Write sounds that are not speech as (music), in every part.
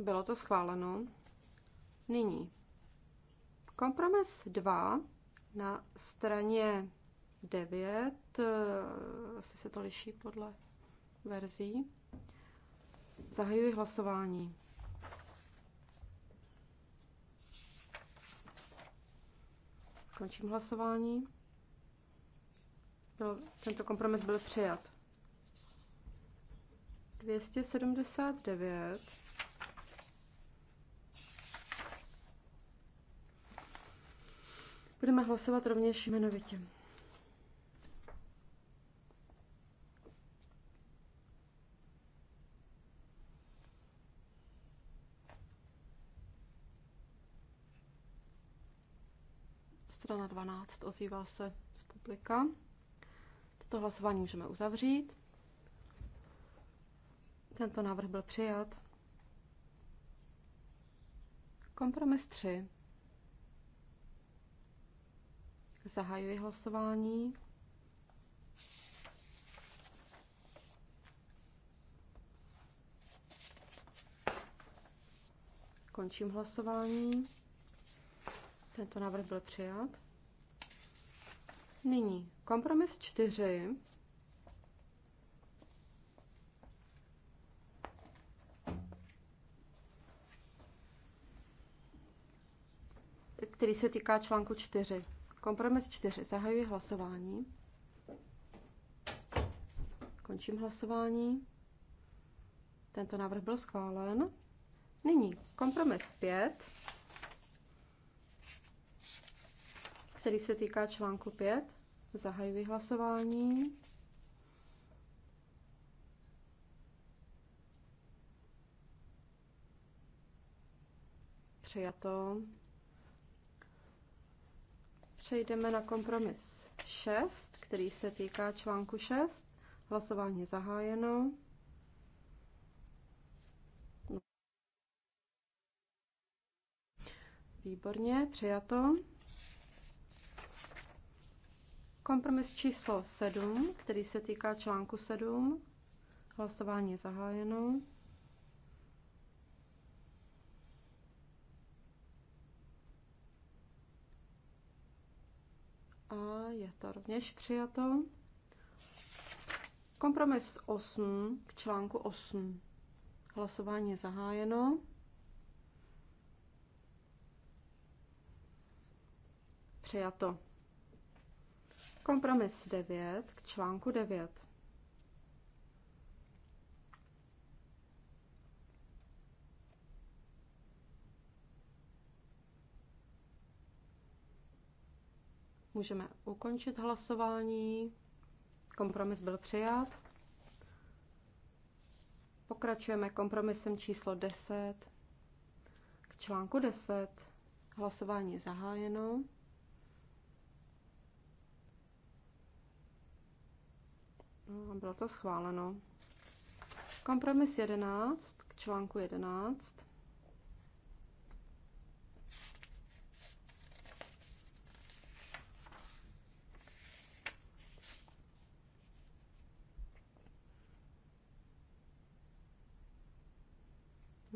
Bylo to schváleno. Nyní kompromis 2 na straně 9, eh, asi se to liší podle verzí. Zahajuji hlasování. Končím hlasování. Byl, tento kompromis byl přijat. 279 Budeme hlasovat rovněž jmenovitě. Strana 12 ozývá se z publika. Toto hlasování můžeme uzavřít. Tento návrh byl přijat. Kompromis 3. Zahajuji hlasování. Končím hlasování. Tento návrh byl přijat. Nyní kompromis 4. který se týká článku 4. Kompromis 4. Zahajuji hlasování. Končím hlasování. Tento návrh byl schválen. Nyní kompromis 5, který se týká článku 5. Zahajuji hlasování. Přijato přejdeme na kompromis 6, který se týká článku 6. Hlasování zahájeno. Výborně, přijato. Kompromis číslo 7, který se týká článku 7. Hlasování zahájeno. a je to rovněž přijato. Kompromis 8 k článku 8. Hlasování je zahájeno. Přijato. Kompromis 9 k článku 9. Můžeme ukončit hlasování. Kompromis byl přijat. Pokračujeme kompromisem číslo 10. K článku 10 hlasování je zahájeno. No, bylo to schváleno. Kompromis 11 k článku 11.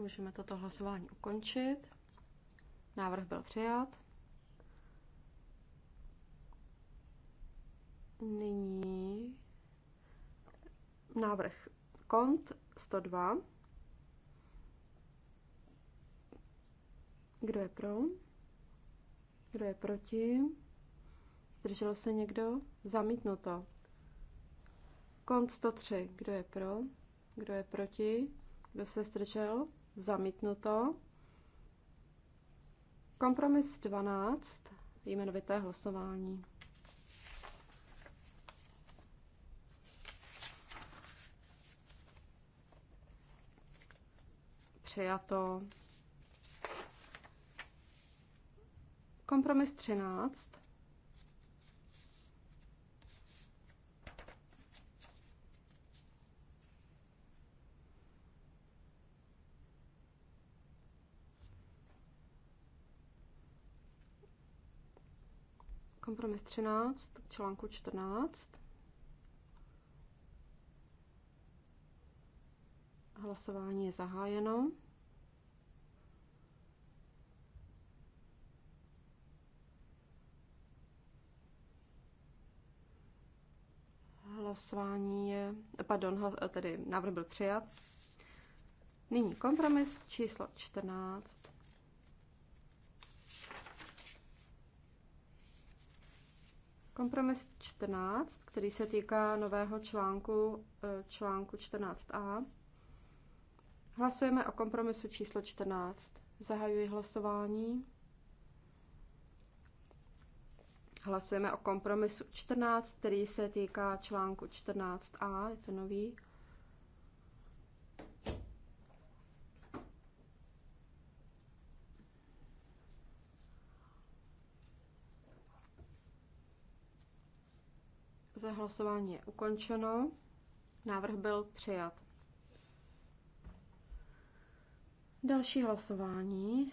Můžeme toto hlasování ukončit. Návrh byl přijat. Nyní návrh kont 102. Kdo je pro? Kdo je proti? Zdržel se někdo? Zamítnuto. Kont 103. Kdo je pro? Kdo je proti? Kdo se zdržel? Zamítnuto. Kompromis 12, jmenovité hlasování. Přijato. Kompromis 13. Kompromis 13 k článku 14. Hlasování je zahájeno. Hlasování je, pardon, tedy návrh byl přijat. Nyní kompromis číslo 14. Kompromis 14, který se týká nového článku, eh, článku 14a. Hlasujeme o kompromisu číslo 14. Zahajuji hlasování. Hlasujeme o kompromisu 14, který se týká článku 14a, je to nový. peníze. Hlasování je ukončeno. Návrh byl přijat. Další hlasování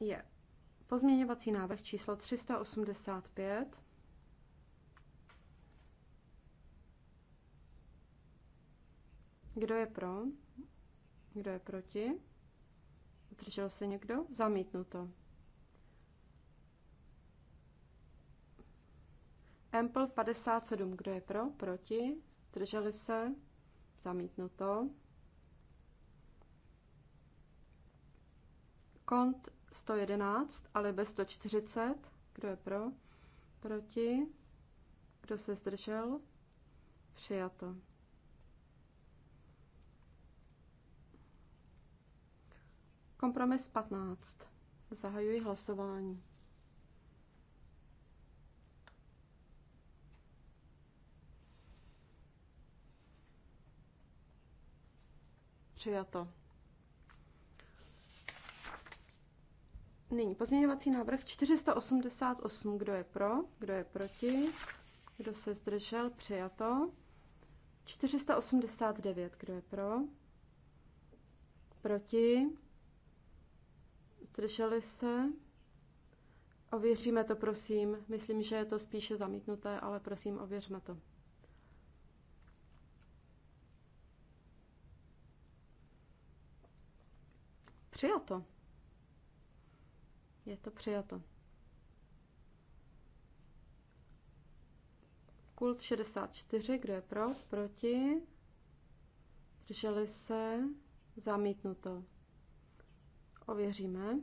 je pozměňovací návrh číslo 385. Kdo je pro? Kdo je proti? Zdržel se někdo? Zamítnuto. Ample 57, kdo je pro, proti, zdrželi se, zamítnuto. Kont 111, ale bez 140, kdo je pro, proti, kdo se zdržel, přijato. Kompromis 15. Zahajuji hlasování. Přijato. Nyní pozměňovací návrh 488. Kdo je pro? Kdo je proti? Kdo se zdržel? Přijato. 489. Kdo je pro? Proti? Zdrželi se? Ověříme to, prosím. Myslím, že je to spíše zamítnuté, ale prosím, ověřme to. Přijato. Je to přijato. Kult 64, kdo je pro? Proti? Drželi se? Zamítnuto. Ověříme.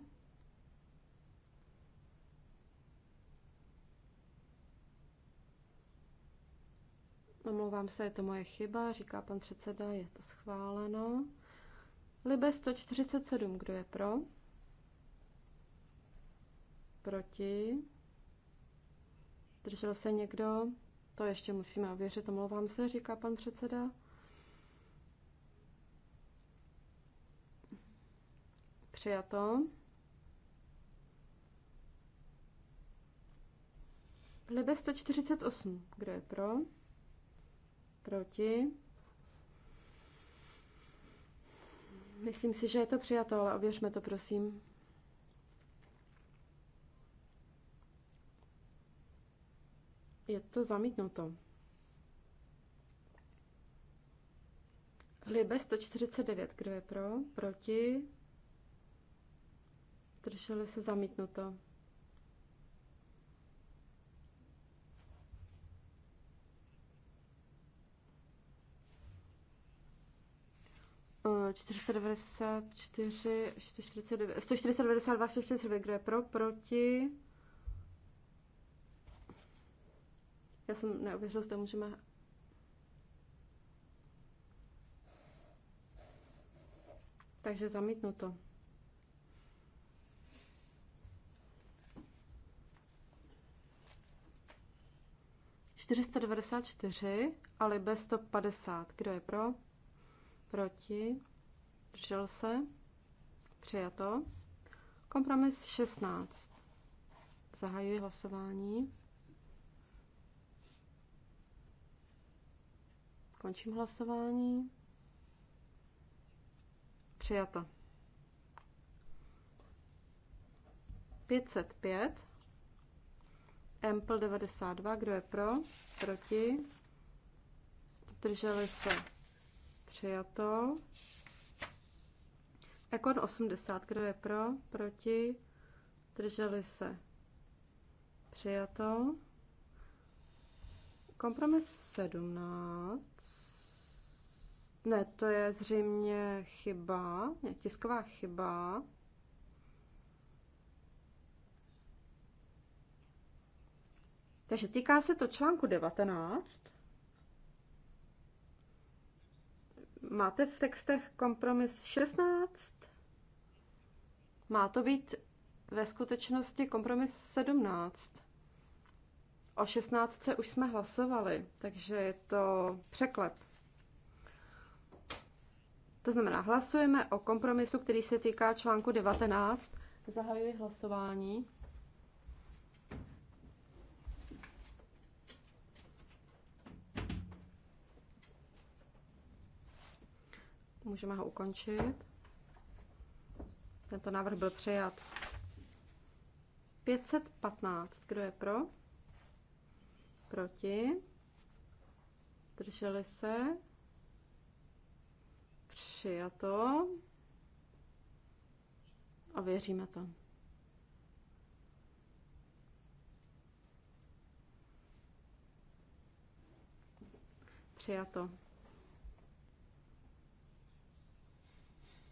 Omlouvám se, je to moje chyba, říká pan předseda, je to schváleno. Libe 147, kdo je pro? Proti? Držel se někdo? To ještě musíme ověřit, omlouvám se, říká pan předseda. Přijato. Libe 148, kdo je pro? Proti? Myslím si, že je to přijato, ale ověřme to, prosím. Je to zamítnuto. Libe 149, kdo je pro? Proti? Drželi se zamítnuto. 494, 149, 142, 142, kdo pro, proti. Já jsem neověřil, zda můžeme Takže zamítnuto. Čtyřista devadesát čtyři, ale bez 150. Kdo je pro? proti, držel se, přijato. Kompromis 16. Zahajuji hlasování. Končím hlasování. Přijato. 505. Ample 92. Kdo je pro? Proti? Drželi se Přijato. Ekon 80, kdo je pro? Proti? Drželi se. Přijato. Kompromis 17. Ne, to je zřejmě chyba, ne, tisková chyba. Takže týká se to článku 19. Máte v textech kompromis 16? Má to být ve skutečnosti kompromis 17. O 16 už jsme hlasovali, takže je to překlep. To znamená, hlasujeme o kompromisu, který se týká článku 19. Zahajuji hlasování. Můžeme ho ukončit. Tento návrh byl přijat. 515. Kdo je pro? Proti? Drželi se? Přijato. A věříme to. Přijato.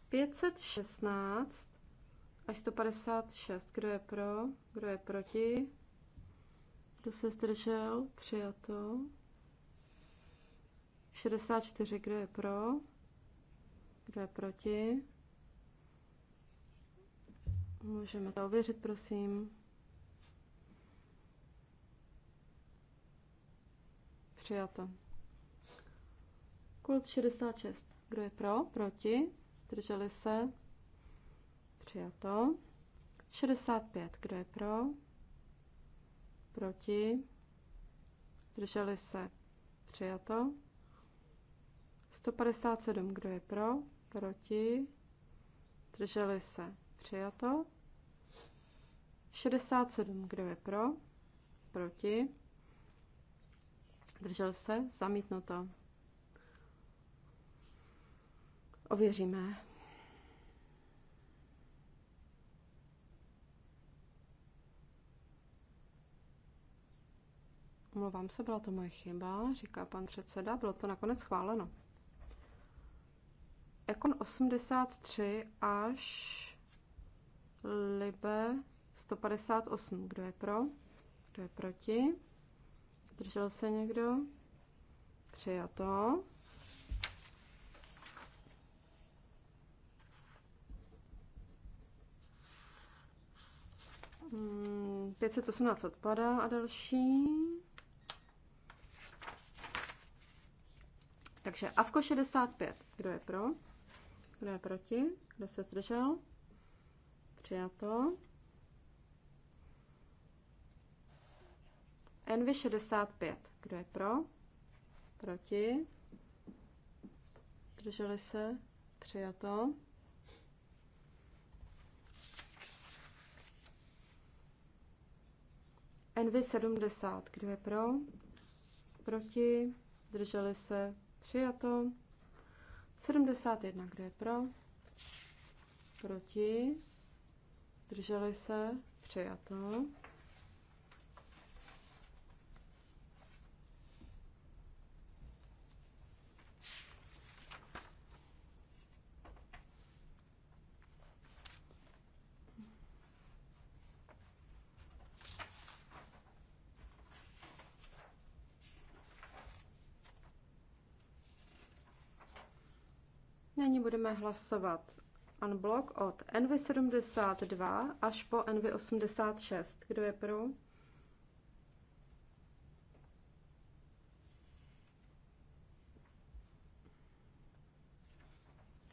516 až 156. Kdo je pro? Kdo je proti? Kdo se zdržel? Přijato. 64. Kdo je pro? Kdo je proti? Můžeme to ověřit, prosím. Přijato. Kult 66. Kdo je pro? Proti? Zdrželi se? Přijato. 65. Kdo je pro? Proti? Zdrželi se? Přijato. 157. Kdo je pro? Proti? Zdrželi se? Přijato. 67. Kdo je pro? Proti? Držel se? Zamítnuto. Ověříme. Omlouvám se, byla to moje chyba, říká pan předseda, bylo to nakonec schváleno. Ekon 83 až Libe 158. Kdo je pro? Kdo je proti? Držel se někdo? Přijato. 518 hmm, odpadá a další. Takže AVKO 65. Kdo je pro? Kdo je proti? Kdo se zdržel? Přijato. Envy 65. Kdo je pro? Proti? Drželi se? Přijato. NV70, kdo je pro? Proti? Drželi se? Přijato. 71, kdo je pro? Proti? Drželi se? Přijato. budeme hlasovat unblock od NV72 až po NV86. Kdo je pro?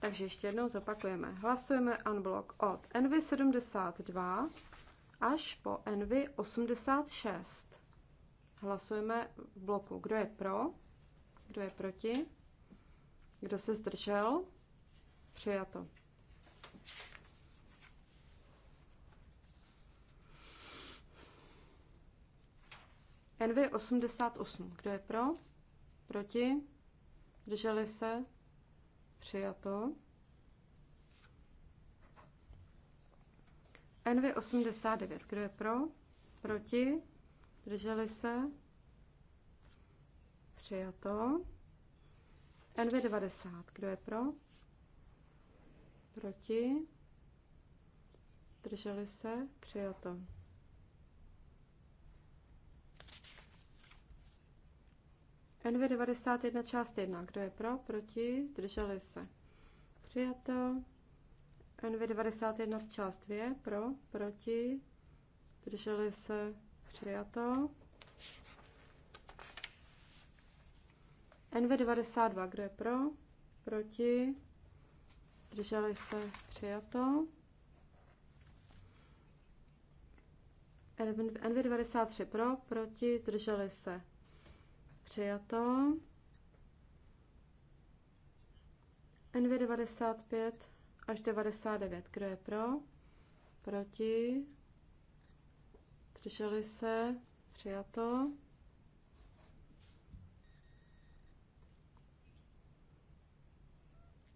Takže ještě jednou zopakujeme. Hlasujeme unblock od NV72 až po NV86. Hlasujeme v bloku, kdo je pro, kdo je proti, kdo se zdržel, Přijato. NV88. Kdo je pro? Proti? Drželi se? Přijato. NV89. Kdo je pro? Proti? Drželi se? Přijato. NV90. Kdo je pro? Proti? Drželi se? Přijato. NV91 část 1. Kdo je pro? Proti? Drželi se. Přijato. NV91 část 2. Pro? Proti? Drželi se. Přijato. NV92. Kdo je pro? Proti? zdrželi se, přijato. NV93 pro, proti, zdrželi se, přijato. NV95 až 99, kdo je pro, proti, drželi se, přijato.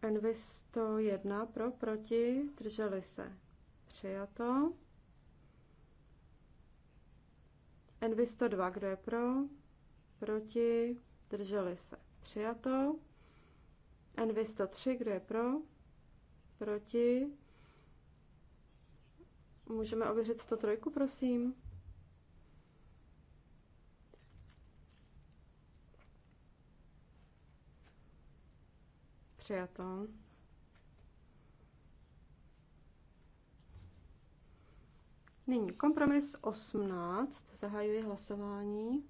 Envy 101 pro, proti, drželi se. Přijato. Envy 102, kdo je pro, proti, drželi se. Přijato. Envy 103, kdo je pro, proti. Můžeme ověřit 103, prosím. Přijato. Nyní kompromis 18. Zahajuji hlasování.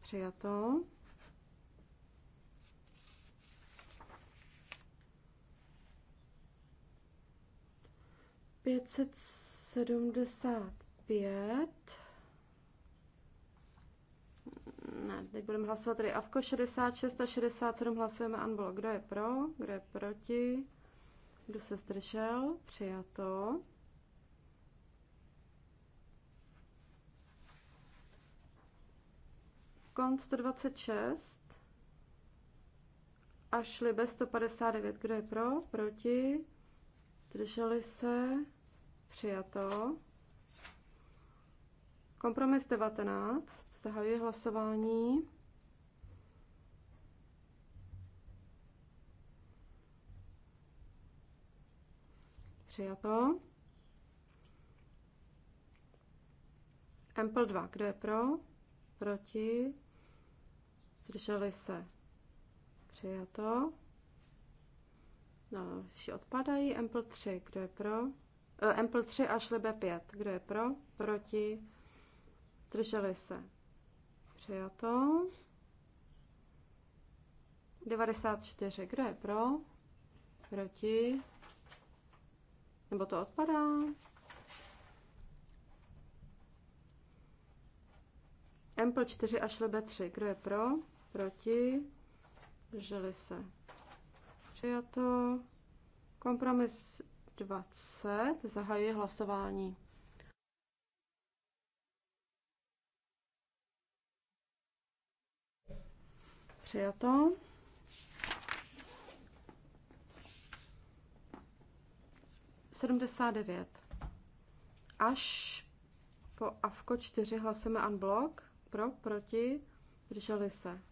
Přijato. Pětset sedmdesát pět. Ne, teď budeme hlasovat tady AVKO 66 a 67 hlasujeme Anbol. Kdo je pro, kdo je proti, kdo se zdržel, přijato. Kont 126 šli bez 159. Kdo je pro, proti, zdrželi se, přijato. Kompromis 19. Zahajuji hlasování. Přijato. Ample 2. Kdo je pro? Proti? Zdrželi se? Přijato. Další no, odpadají. Ample 3. Kdo je pro? Eh, Ample 3 až Libe 5. Kdo je pro? Proti? Zdrželi se? Přijato. 94. Kdo je pro? Proti? Nebo to odpadá? Empl 4 a šlebe 3. Kdo je pro? Proti? Drželi se. Přijato. Kompromis 20. zahajuje hlasování. Přijato. Sedmdesát devět. Až po AFKO 4 hlasujeme unblock. Pro, proti, drželi se.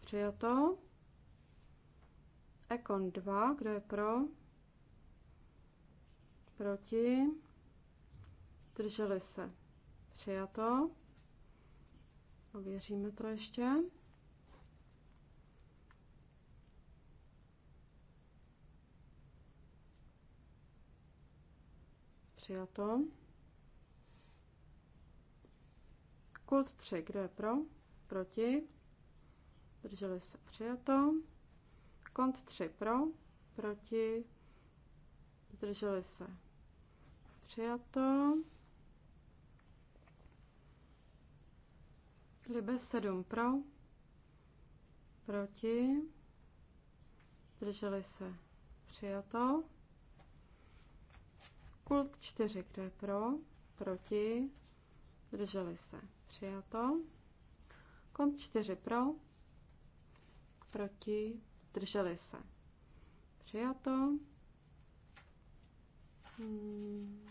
Přijato. Ekon 2, kdo je pro? Proti. Drželi se. Přijato. Ověříme to ještě. Přijato. Kult 3, kdo je pro? Proti. Drželi se přijato. Kont 3 pro, proti. Zdrželi se přijato. Libe 7 pro, proti. Zdrželi se přijato. Kult 4, kdo je pro? Proti? Zdrželi se. Přijato. Kont 4 pro? Proti? Zdrželi se. Přijato. Hmm.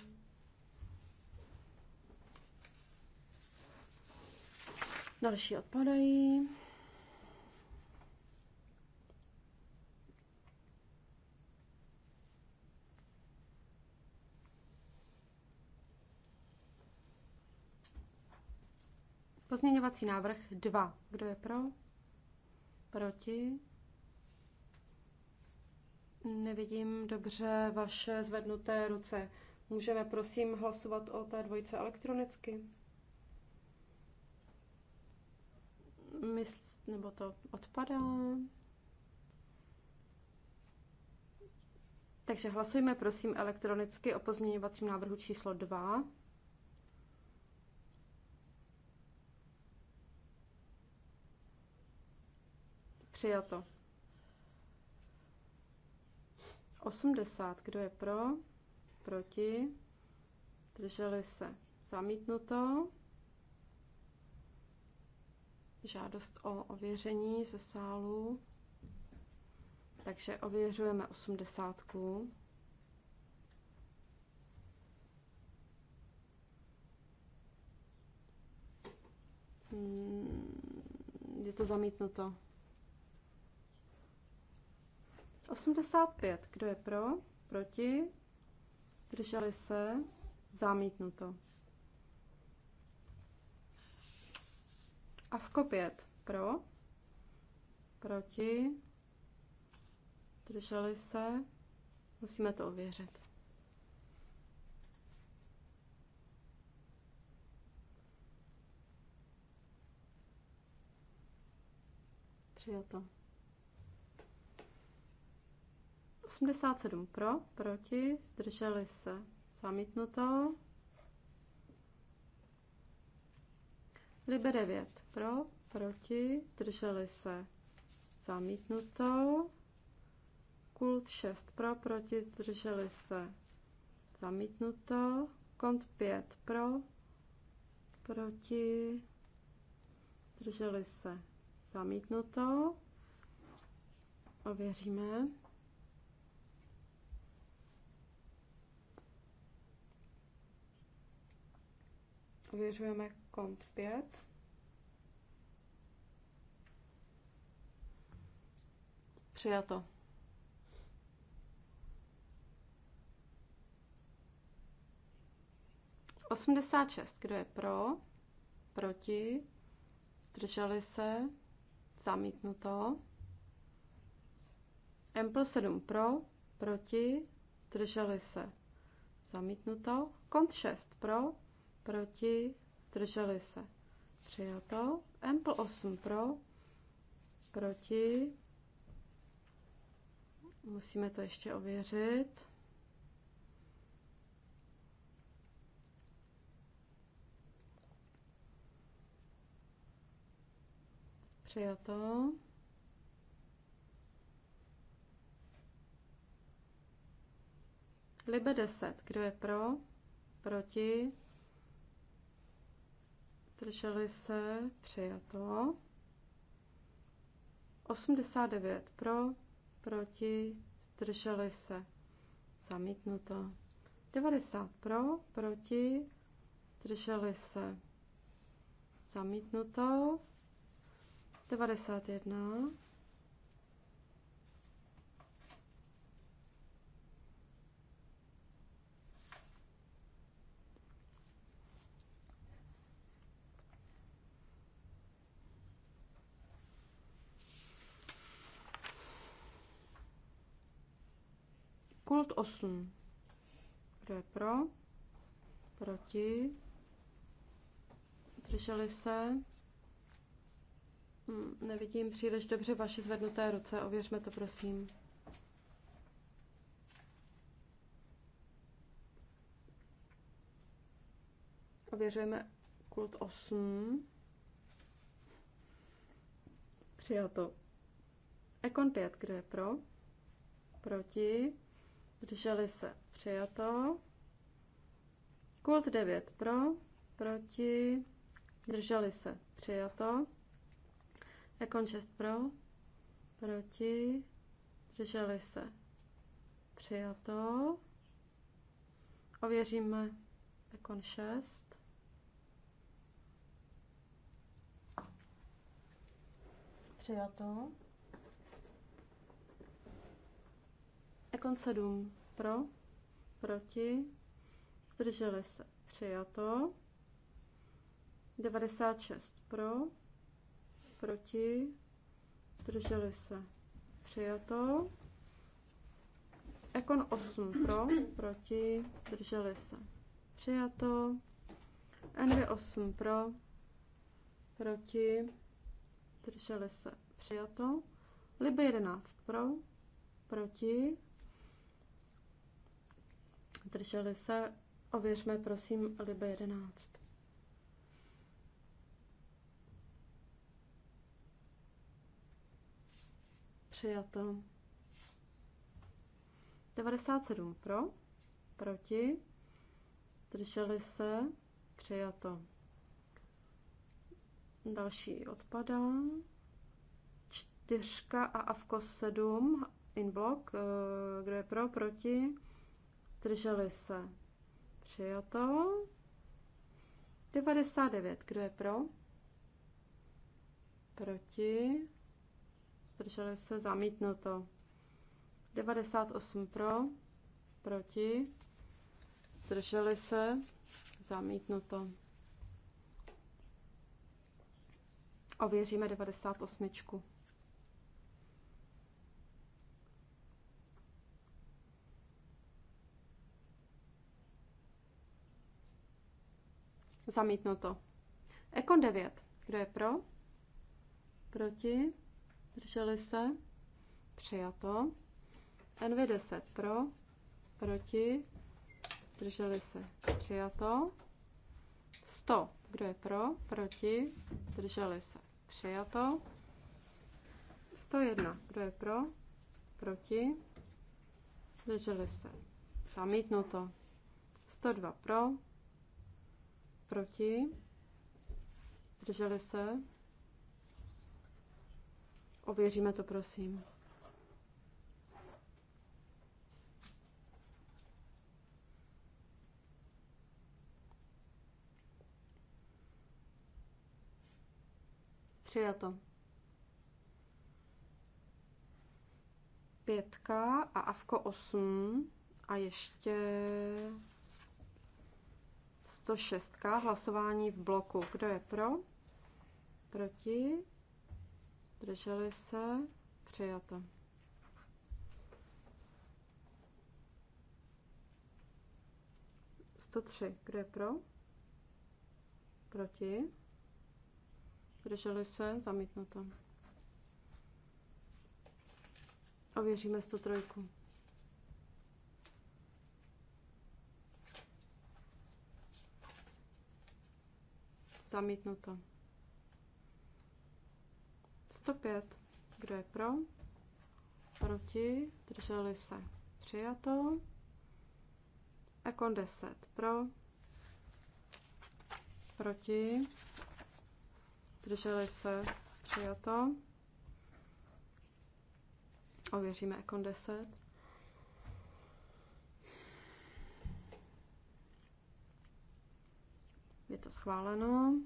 Další odpadají. Pozměňovací návrh 2. Kdo je pro? Proti? Nevidím dobře vaše zvednuté ruce. Můžeme prosím hlasovat o té dvojce elektronicky? Mysl, nebo to odpadá? Takže hlasujme prosím elektronicky o pozměňovacím návrhu číslo 2. Přijato. 80. Kdo je pro? Proti? Drželi se. Zamítnuto. Žádost o ověření ze sálu. Takže ověřujeme 80. Hmm, je to zamítnuto. 85. Kdo je pro? Proti? Drželi se? Zamítnuto. A v kopět. Pro? Proti? Drželi se? Musíme to ověřit. Přijato. 87 pro, proti, zdrželi se. Zamítnuto. Libe 9 pro, proti, zdrželi se. Zamítnuto. Kult 6 pro, proti, zdrželi se. Zamítnuto. Kont 5 pro, proti, zdrželi se. Zamítnuto. Ověříme. Ověřujeme kont 5. Přijato. Osmdesát šest. Kdo je pro? Proti? Drželi se? Zamítnuto. M plus 7 pro, proti, drželi se. Zamítnuto. Kont 6 pro, proti, drželi se. Přijato. Ample 8 pro, proti. Musíme to ještě ověřit. Přijato. Libe 10. Kdo je pro? Proti? zdrželi se, přijato. 89 pro, proti, zdrželi se, zamítnuto. 90 pro, proti, zdrželi se, zamítnuto. 91 Kult 8. Kdo je pro? Proti? Zdrželi se? Hm, nevidím příliš dobře vaše zvednuté ruce, ověřme to prosím. Ověřujeme kult 8. Přijato. Ekon 5, kdo je pro? Proti? Drželi se. Přijato. Kult 9 pro, proti, drželi se. Přijato. Ekon 6 pro, proti, drželi se. Přijato. Ověříme Ekon 6. Přijato. Ekon 7 pro, proti, zdrželi se, přijato. 96 pro, proti, zdrželi se, přijato. Ekon 8 pro, proti, zdrželi se, přijato. NV8 pro, proti, zdrželi se, přijato. Liby 11 pro, proti, Drželi se? Ověřme prosím Libe 11. Přijato. 97 pro, proti, drželi se, přijato. Další odpadá. Čtyřka a avko 7 in blok, eh, kdo je pro, proti, Zdrželi se. Přijato. 99. Kdo je pro? Proti. Zdrželi se. Zamítnuto. 98 pro. Proti. Zdrželi se. Zamítnuto. Ověříme 98. Zamítnuto. Ekon 9. Kdo je pro? Proti? Drželi se? Přijato. NV10 pro? Proti? Drželi se? Přijato. 100. Kdo je pro? Proti? Drželi se? Přijato. 101. Kdo je pro? Proti? Drželi se? Zamítnuto. 102 pro? Proti? Drželi se? Ověříme to, prosím. Přijato. Pětka a avko osm a ještě 106. Hlasování v bloku. Kdo je pro? Proti? Drželi se? Přijato. Sto tři. Kdo je pro? Proti? Drželi se? Zamítnuto. Ověříme 103. Zamítnuto. 105. Kdo je pro? Proti? Drželi se. Přijato. Ekon 10. Pro? Proti? Drželi se. Přijato. Ověříme Ekon 10. schváleno.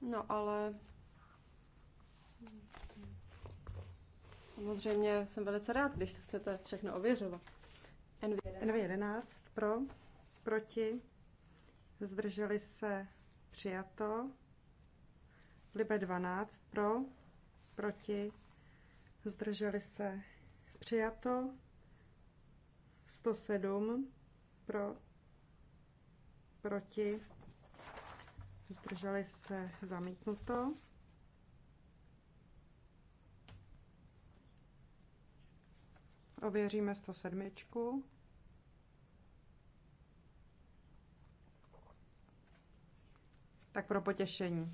No ale samozřejmě jsem velice rád, když chcete všechno ověřovat. NV11, NV11 pro, proti, zdrželi se přijato. Libe 12 pro, proti, zdrželi se přijato, 107 pro, proti, zdrželi se zamítnuto. Ověříme 107. Tak pro potěšení.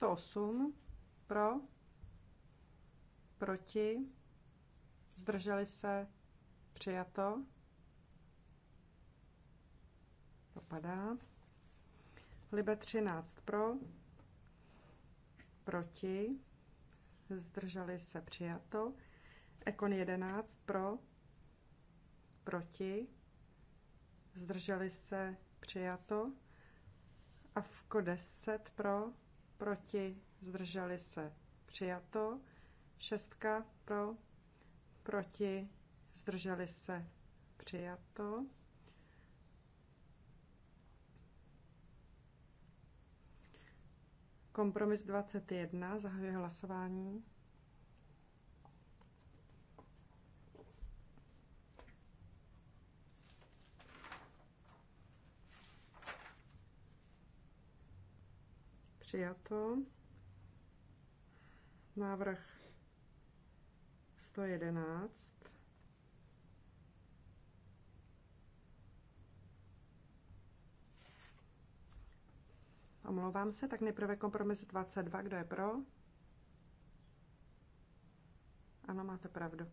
108 pro, proti, zdrželi se, přijato. Popadá. Libe 13 pro, proti, zdrželi se, přijato. Ekon 11 pro, proti, zdrželi se, přijato. Avko 10 pro, proti, zdrželi se, přijato. Šestka pro, proti, zdrželi se, přijato. Kompromis 21, zahajuje hlasování. Přijato. Návrh 111. Omlouvám se, tak nejprve kompromis 22. Kdo je pro? Ano, máte pravdu.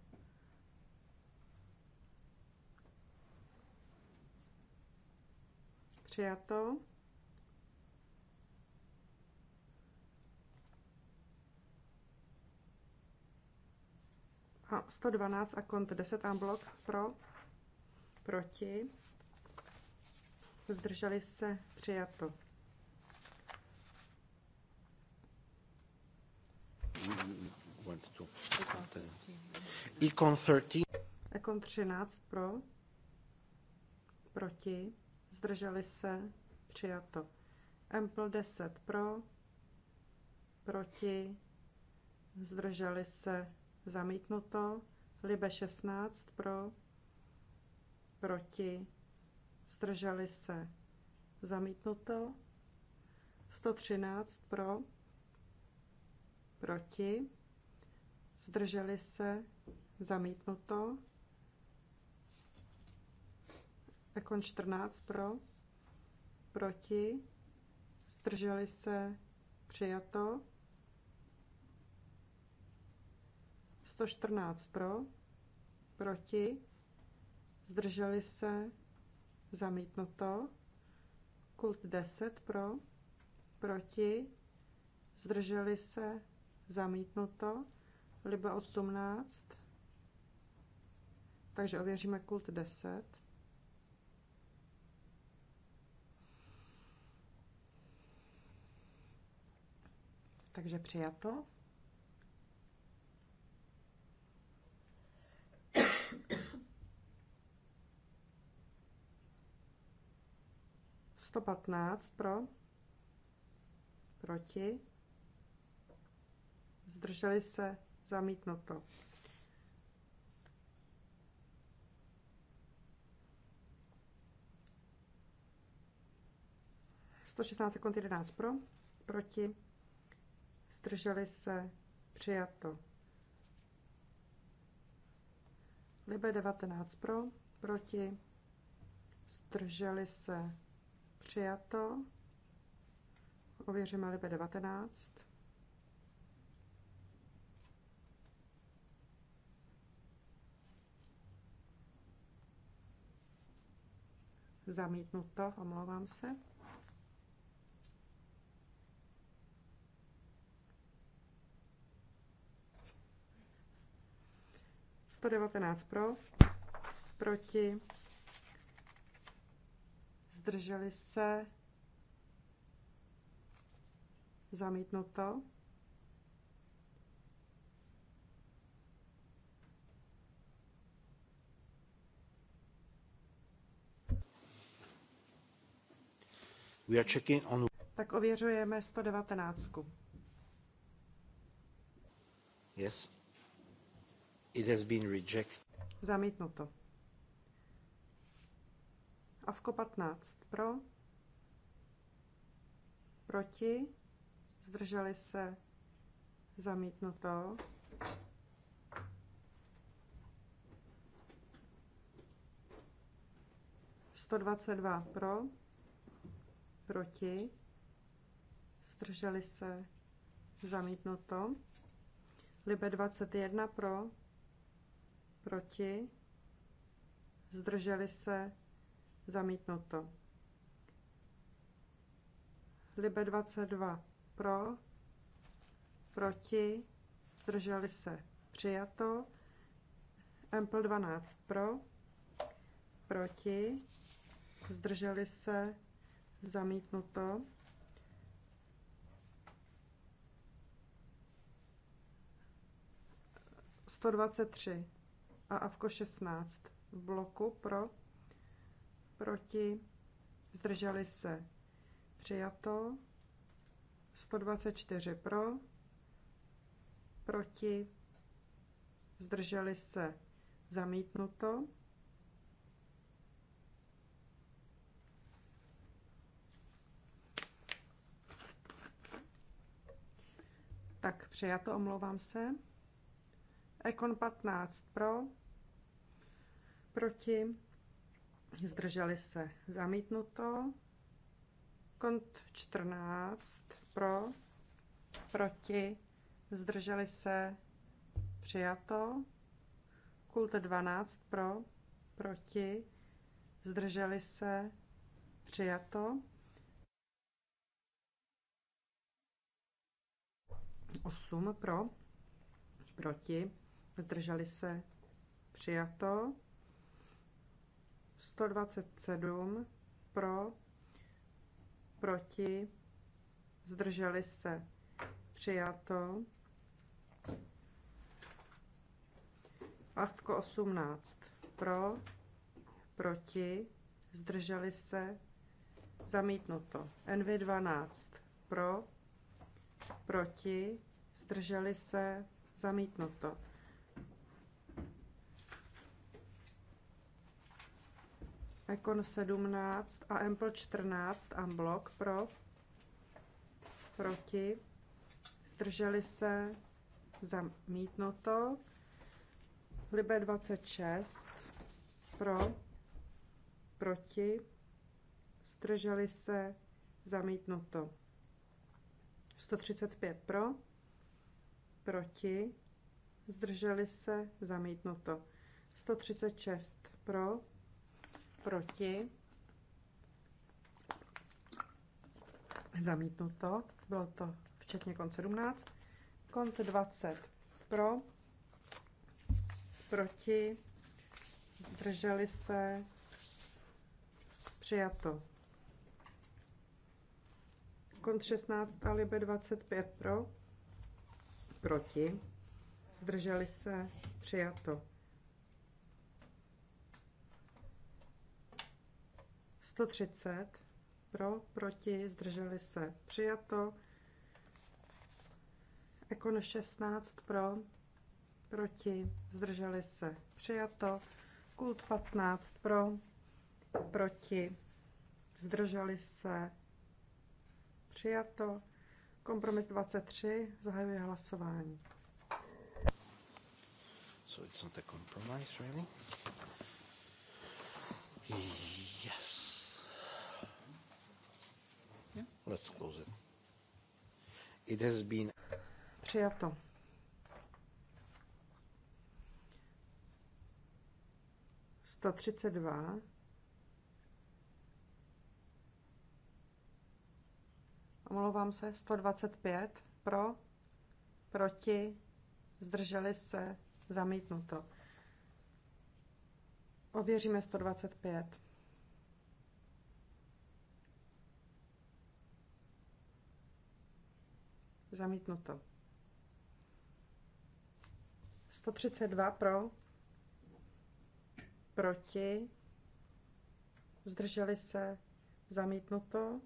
Přijato. A 112 a kont 10 a blok pro, proti, zdrželi se, přijato. Econ 13. Econ 13 pro, proti, zdrželi se, přijato. Ample 10 pro, proti, zdrželi se, zamítnuto, Libe 16 pro, proti, zdrželi se, zamítnuto, 113 pro, proti, zdrželi se, zamítnuto, Ekon 14 pro, proti, zdrželi se, přijato, 114 pro, proti, zdrželi se, zamítnuto. Kult 10 pro, proti, zdrželi se, zamítnuto. Liba 18, takže ověříme kult 10. Takže přijato. 115 pro, proti, zdrželi se, zamítnuto. Sto šestnáct sekund jedenáct pro, proti, zdrželi se, přijato. Libe 19 pro, proti, zdrželi se, Přijato. Ověříme Libe 19. Zamítnuto, omlouvám se. Sto devatenáct pro, proti zdrželi se, zamítnuto. on... Tak ověřujeme 119. Yes. It has been rejected. Zamítnuto. Avko 15 pro, proti, zdrželi se zamítnuto. Sto dvacet dva pro, proti, zdrželi se zamítnuto. Libe 21 pro, proti, zdrželi se Zamítnuto. Libe 22 pro, proti, zdrželi se, přijato. Ample 12 pro, proti, zdrželi se, zamítnuto. Sto dvacet tři a avko šestnáct v bloku pro proti, zdrželi se přijato, 124 pro, proti, zdrželi se zamítnuto, Tak přijato, omlouvám se. Ekon 15 pro, proti, zdrželi se zamítnuto. Kont 14 pro, proti, zdrželi se přijato. Kult 12 pro, proti, zdrželi se přijato. osm pro, proti, zdrželi se přijato. 127 pro, proti, zdrželi se, přijato. Avko 18 pro, proti, zdrželi se, zamítnuto. NV 12 pro, proti, zdrželi se, zamítnuto. Ekon 17 a Ample 14 Unblock pro, proti, zdrželi se, zamítnuto. Libe 26 pro, proti, zdrželi se, zamítnuto. 135 pro, proti, zdrželi se, zamítnuto. 136 pro, proti, zamítnuto, bylo to včetně kont 17, kont 20 pro, proti, zdrželi se, přijato. Kont 16 a 25 pro, proti, zdrželi se, přijato. 130 pro, proti, zdrželi se, přijato. Ekon 16 pro, proti, zdrželi se, přijato. Kult 15 pro, proti, zdrželi se, přijato. Kompromis 23, zahajuje hlasování. So it's not a compromise, really? Let's close it. It has been... Přijato. Sto třicet dva. Omlouvám se. 125. Pro. Proti. Zdrželi se. Zamítnuto. Ověříme 125. Zamítnuto. 132 pro, proti, zdrželi se, zamítnuto.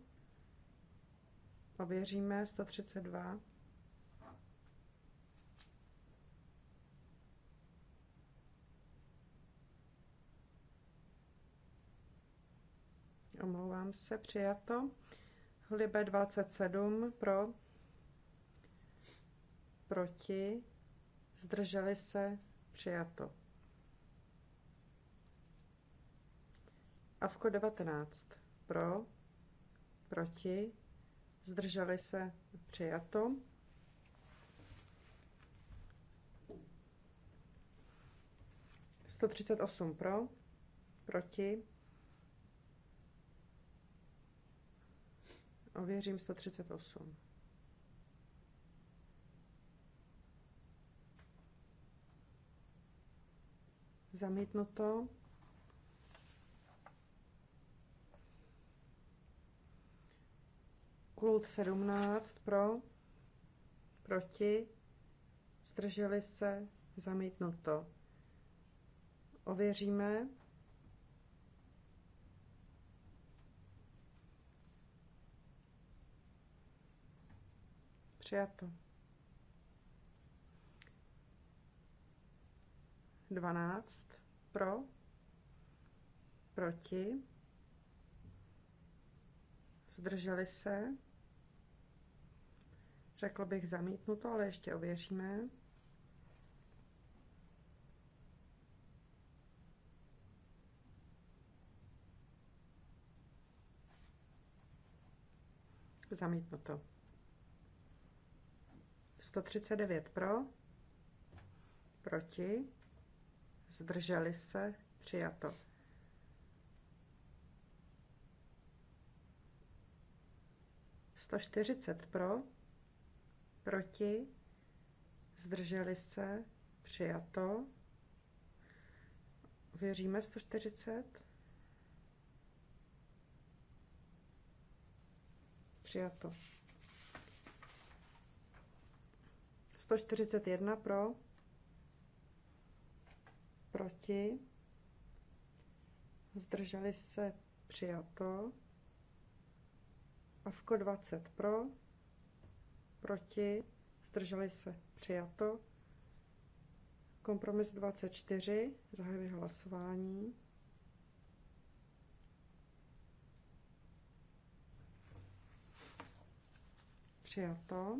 Ověříme 132. Omlouvám se, přijato. Libe 27 pro, proti, zdrželi se, přijato. Avko 19, pro, proti, zdrželi se, přijato. Sto třicet osm pro, proti. Ověřím 138. zamítnuto. Kult 17 pro, proti, zdrželi se, zamítnuto. Ověříme. Přijato. 12 pro, proti, zdrželi se, řekl bych zamítnuto, ale ještě ověříme. Zamítnuto. 139 pro, proti, zdrželi se, přijato. Sto čtyřicet pro, proti, zdrželi se, přijato. Věříme 140. Přijato. 141 pro, proti, zdrželi se přijato, Avko 20 pro, proti, zdrželi se přijato, kompromis 24, zahajuji hlasování. Přijato.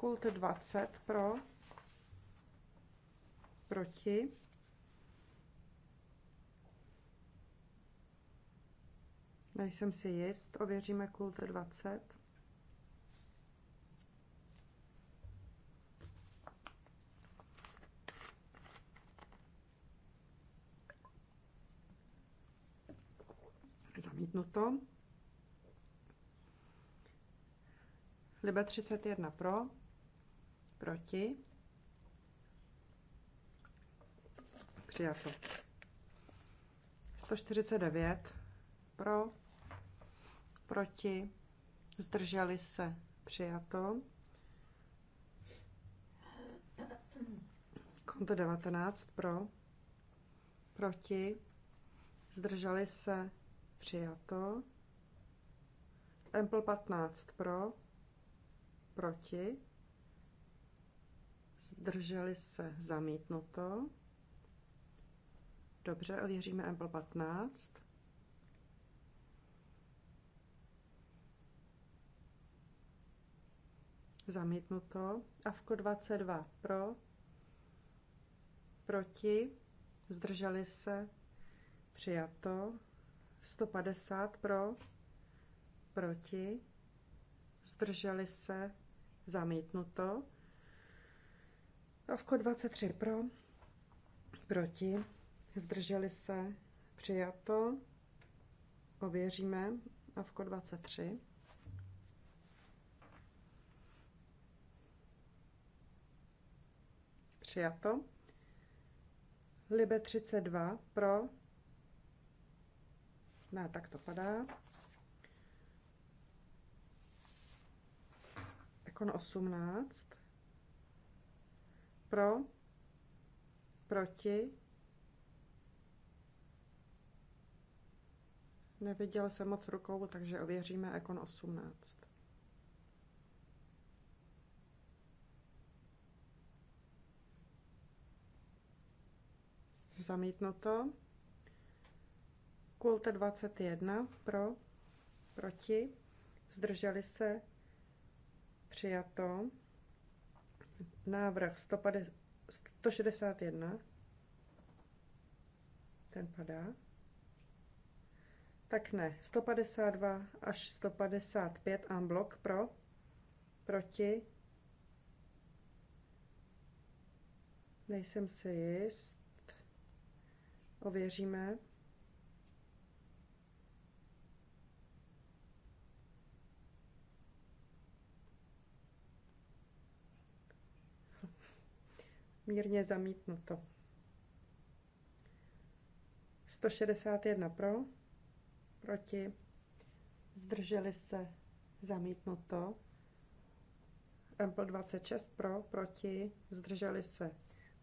Kult 20 pro, proti. Nejsem si jist, ověříme Kult 20. Zamítnuto. Libe 31 pro, proti, přijato. 149 pro, proti, zdrželi se, přijato. Konto 19 pro, proti, zdrželi se, přijato. Ample 15 pro, proti, zdrželi se zamítnuto. Dobře, ověříme Apple 15. Zamítnuto. Avko 22 pro, proti, zdrželi se, přijato. 150 pro, proti, zdrželi se, zamítnuto. Ovko 23 pro, proti, zdrželi se, přijato, ověříme, Avko 23. Přijato. Libe 32 pro. Ne, tak to padá. Ekon 18. Pro? Proti? Neviděl jsem moc rukou, takže ověříme Ekon 18. Zamítnuto. Kulte 21 pro, proti, zdrželi se, přijato. Návrh 161. Ten padá. Tak ne. 152 až 155 blok pro. Proti. Nejsem si jist. Ověříme. mírně zamítnuto. 161 pro, proti, zdrželi se, zamítnuto. Ample 26 pro, proti, zdrželi se,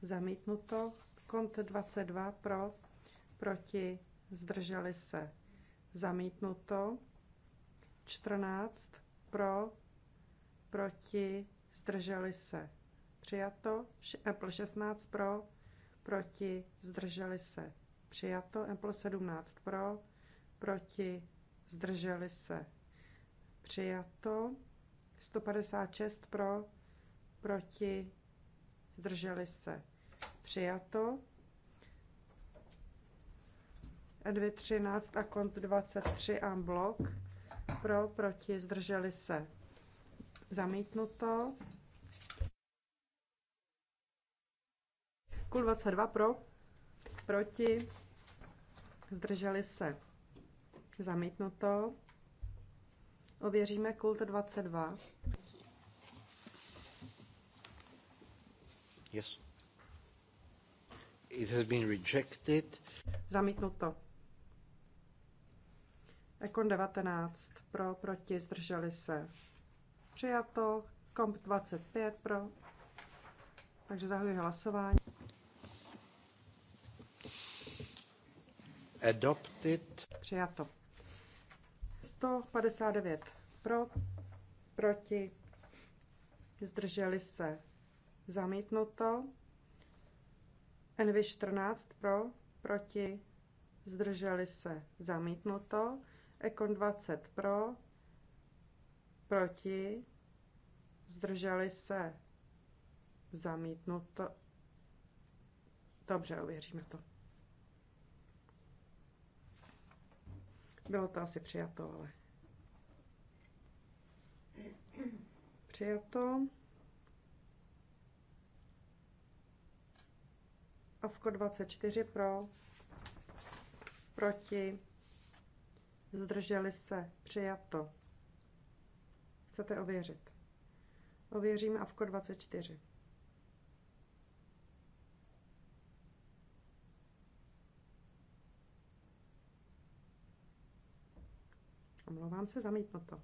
zamítnuto. Kont 22 pro, proti, zdrželi se, zamítnuto. 14 pro, proti, zdrželi se, přijato, Apple 16 pro, proti, zdrželi se, přijato, Apple 17 pro, proti, zdrželi se, přijato, 156 pro, proti, zdrželi se, přijato, E213 a kont 23 a blok, pro, proti, zdrželi se, zamítnuto, Kul 22 pro, proti, zdrželi se. Zamítnuto. Ověříme kult 22. Yes. It has been rejected. Zamítnuto. Ekon 19 pro, proti, zdrželi se. Přijato. Komp 25 pro. Takže zahajuji hlasování. Adopted. Přijato. 159 pro, proti, zdrželi se. Zamítnuto. NV 14 pro, proti, zdrželi se. Zamítnuto. Ekon 20 pro, proti, zdrželi se. Zamítnuto. Dobře, ověříme to. Bylo to asi přijato, ale. Přijato. Avko 24 pro, proti, zdrželi se, přijato. Chcete ověřit? Ověřím Avko 24. omlouvám se, zamítnuto.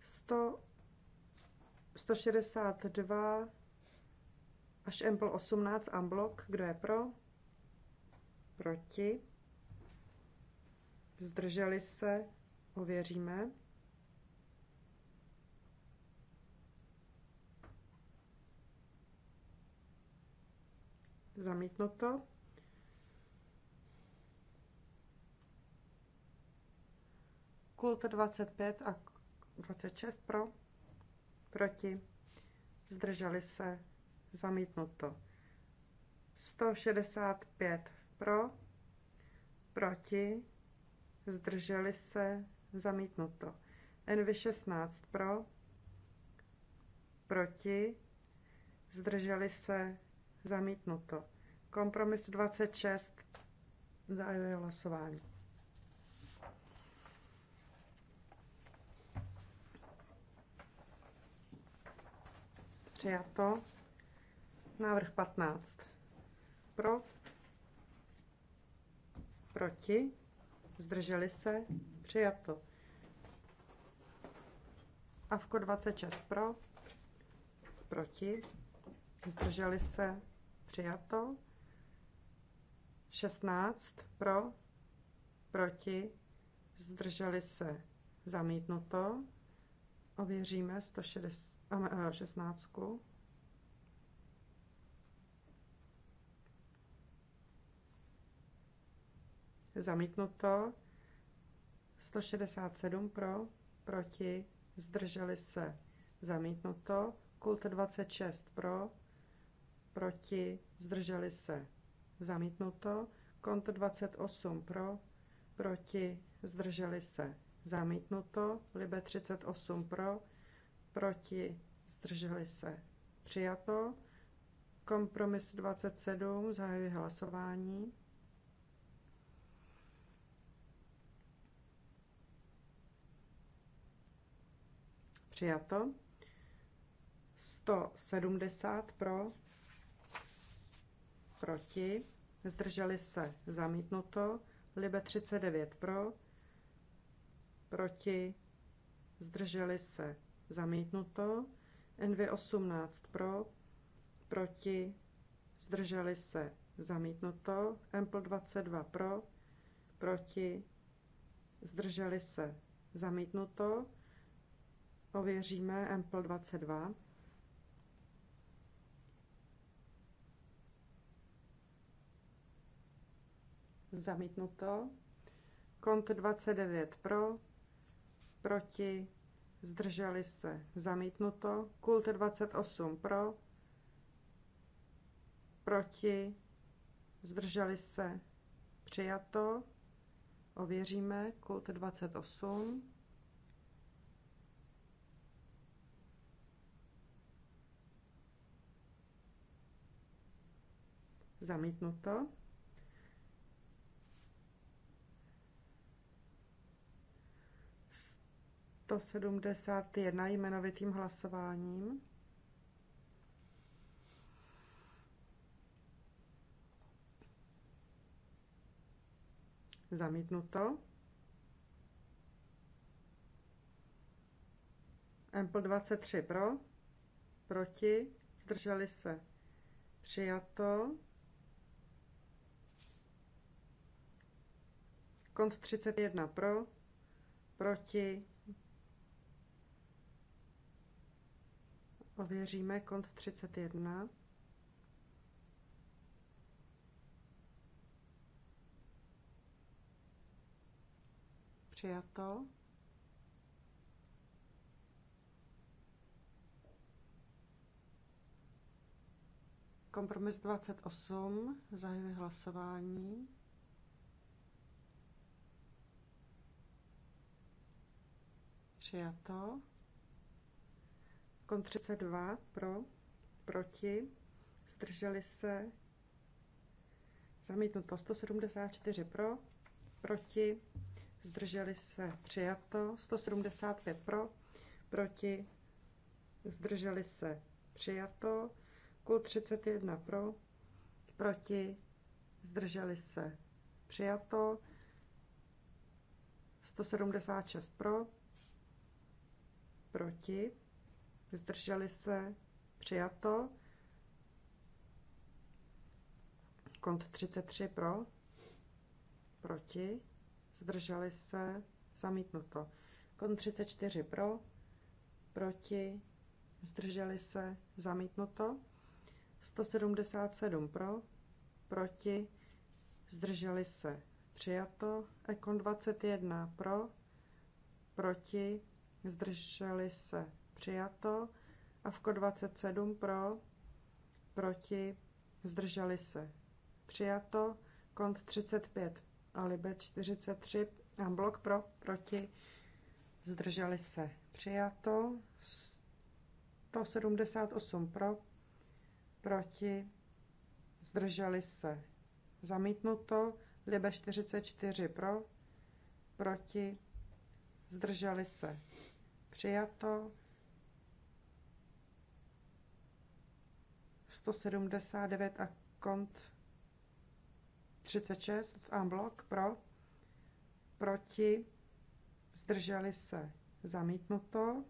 Sto, 162 až Ample 18 Amblok, kdo je pro? Proti? Zdrželi se? Ověříme. Zamítnuto. Kult 25 a 26 pro, proti, zdrželi se, zamítnuto. 165 pro, proti, zdrželi se, zamítnuto. NV16 pro, proti, zdrželi se, zamítnuto. Kompromis 26, zahajuji hlasování. Přijato. Návrh 15. Pro. Proti. Zdrželi se. Přijato. Avko 26 pro. Proti. Zdrželi se. Přijato. 16 pro. Proti. Zdrželi se. Zamítnuto. Ověříme 160. 16. Eh, Zamítnuto. 167 pro, proti, zdrželi se. Zamítnuto. Kult 26 pro, proti, zdrželi se. Zamítnuto. Kont 28 pro, proti, zdrželi se. Zamítnuto. Libe 38 pro, proti, zdrželi se, přijato. Kompromis 27, zahajuji hlasování. Přijato. 170 pro, proti, zdrželi se, zamítnuto. Libe 39 pro, proti, zdrželi se, zamítnuto, NV18 pro, proti, zdrželi se, zamítnuto, Ample 22 pro, proti, zdrželi se, zamítnuto, ověříme Ample 22. Zamítnuto. Kont 29 pro, proti, zdrželi se, zamítnuto. Kult 28 pro, proti, zdrželi se, přijato. Ověříme, kult 28. Zamítnuto. 171 jmenovitým hlasováním. Zamítnuto. Ample 23 pro, proti, zdrželi se. Přijato. Kont 31 pro, proti, Ověříme kont 31. Přijato. Kompromis 28. Zahajuji hlasování. Přijato. Kon 32 pro, proti, zdrželi se, zamítnuto 174 pro, proti, zdrželi se, přijato 175 pro, proti, zdrželi se, přijato, kul 31 pro, proti, zdrželi se, přijato, 176 pro, proti, zdrželi se, přijato. Kont 33 pro, proti, zdrželi se, zamítnuto. Kont 34 pro, proti, zdrželi se, zamítnuto. 177 pro, proti, zdrželi se, přijato. Ekon 21 pro, proti, zdrželi se, přijato. Avko 27 pro, proti, zdrželi se, přijato. Kont 35 alibe 43 a blok pro, proti, zdrželi se, přijato. 178 pro, proti, zdrželi se, zamítnuto. Libe 44 pro, proti, zdrželi se, přijato. 179 a kont 36 v unblock pro, proti, zdrželi se zamítnuto.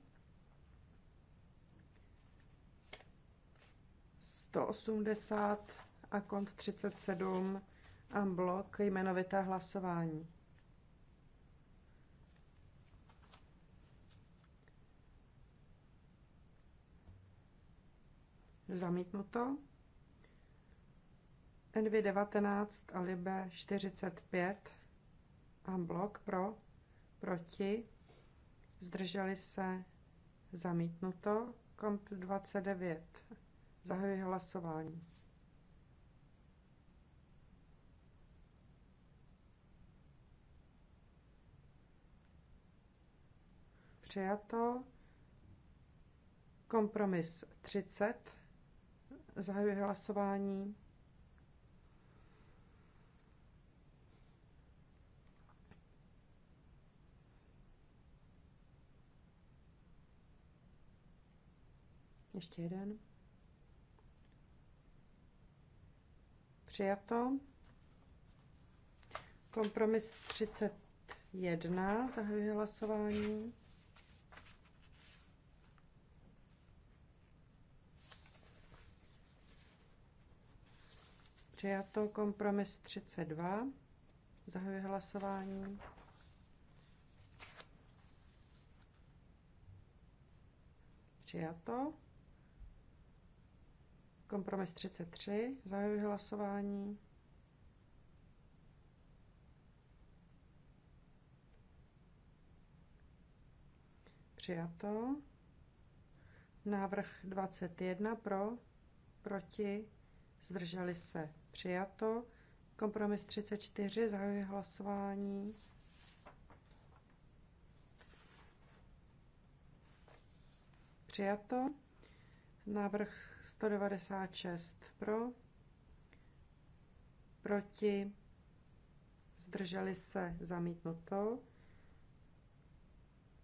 180 a kont 37 unblock jmenovité hlasování. zamítnuto. nv 19 a Libe 45 a blok pro, proti, zdrželi se, zamítnuto. Komp 29, zahajuji hlasování. Přijato. Kompromis 30. Zahajuji hlasování. Ještě jeden. Přijato. Kompromis 31. Zahajuji hlasování. Přijato kompromis 32. Zahajuji hlasování. Přijato. Kompromis 33. Zahajuji hlasování. Přijato. Návrh 21 pro, proti, zdrželi se Přijato. Kompromis 34. Zahajuji hlasování. Přijato. Návrh 196 pro. Proti. Zdrželi se zamítnuto.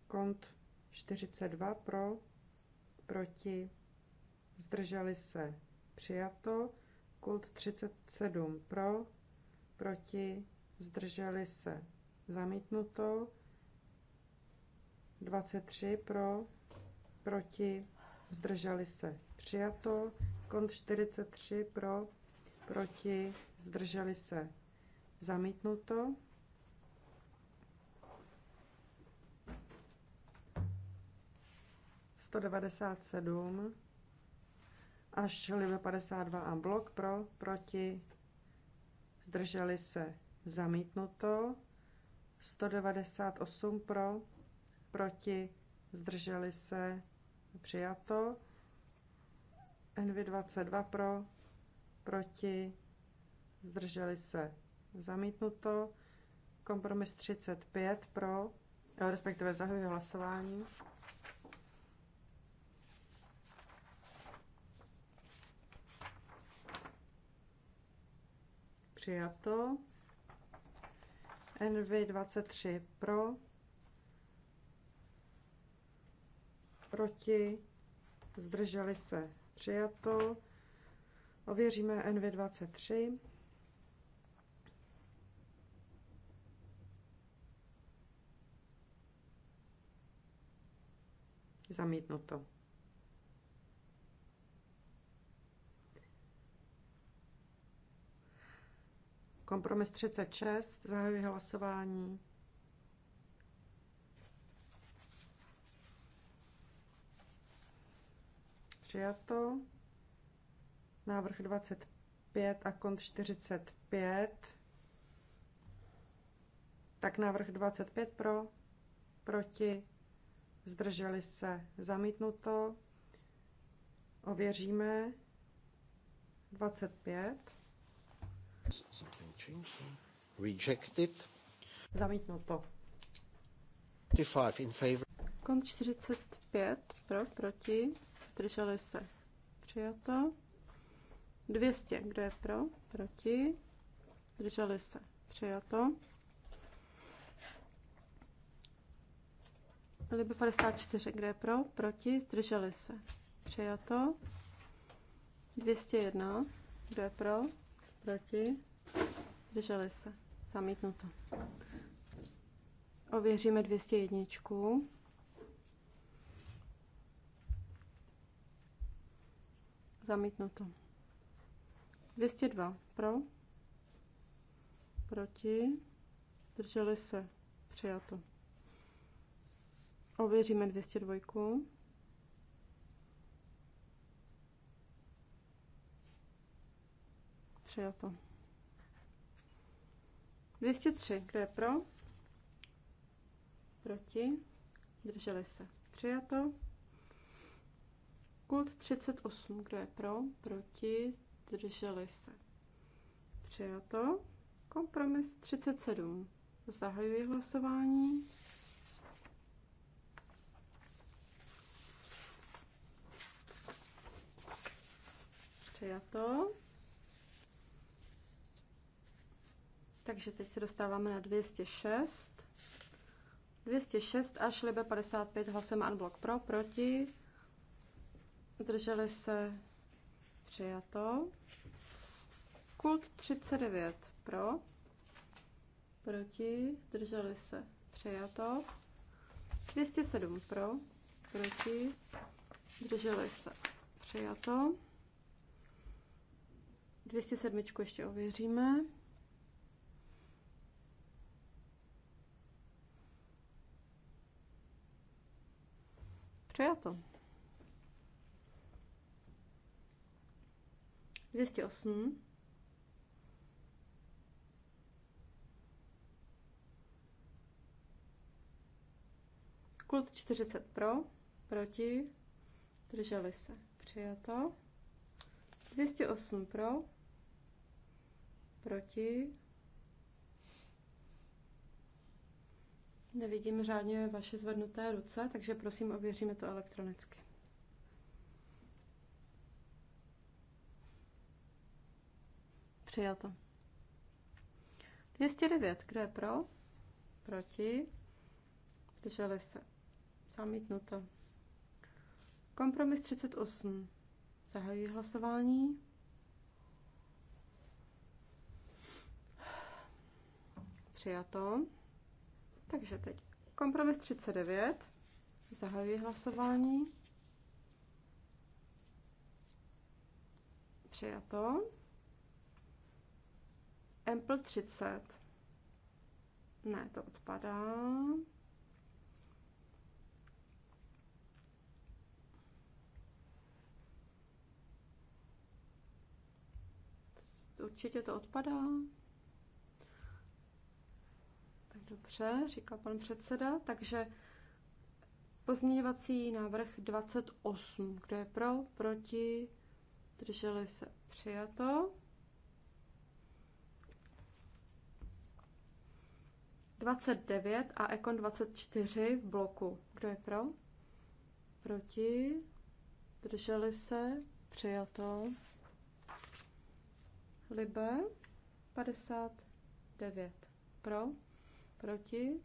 Kont 42 pro. Proti. Zdrželi se přijato. Kult 37 pro, proti, zdrželi se. Zamítnuto. 23 pro, proti, zdrželi se. Přijato. Kont 43 pro, proti, zdrželi se. Zamítnuto. Sto devadesát sedm až Libe 52 a blok pro, proti, zdrželi se zamítnuto, 198 pro, proti, zdrželi se přijato, NV22 pro, proti, zdrželi se zamítnuto, kompromis 35 pro, eh, respektive zahajuji hlasování. přijato. NV 23 pro, proti, zdrželi se, přijato. Ověříme NV 23. Zamítnuto. Kompromis 36, zahajuji hlasování. Přijato. Návrh 25 a kont 45. Tak návrh 25 pro, proti, zdrželi se, zamítnuto. Ověříme 25. Rejected. Zamítnuto. 45 in favor. Kon 45 pro, proti, drželi se. Přijato. 200, kdo je pro, proti, drželi se. Přijato. Liby 54, kde je pro, proti, zdrželi se. Přijato. 201, kde je pro, proti, Drželi se, zamítnuto. Ověříme 201. Zamítnuto. 202 pro, proti, Drželi se, přijato. Ověříme 202. Přijato. 203. Kdo je pro? Proti? Zdrželi se. Přijato. Kult 38. Kdo je pro? Proti? Zdrželi se. Přijato. Kompromis 37. Zahajuji hlasování. Přijato. Takže teď se dostáváme na 206. 206 až Libe 55 hlasujeme unblock pro, proti. Drželi se přijato. Kult 39 pro, proti, drželi se přijato. 207 pro, proti, drželi se přijato. 207 ještě ověříme. Přijato. 208. Kult 40 pro, proti, drželi se. Přijato. 208 pro, proti, Nevidím řádně vaše zvednuté ruce, takže prosím, ověříme to elektronicky. Přijato. 209. Kdo je pro? Proti? Zdrželi se. Zamítnuto. Kompromis 38. Zahajuji hlasování. Přijato. Takže teď kompromis 39. Zahajuji hlasování. Přijato. Ample 30. Ne, to odpadá. Určitě to odpadá. Tak dobře, říká pan předseda. Takže pozměňovací návrh 28. Kdo je pro, proti, drželi se, přijato. a Ekon 24 v bloku. Kdo je pro? Proti? Drželi se? Přijato. Libe 59. Pro? Proti?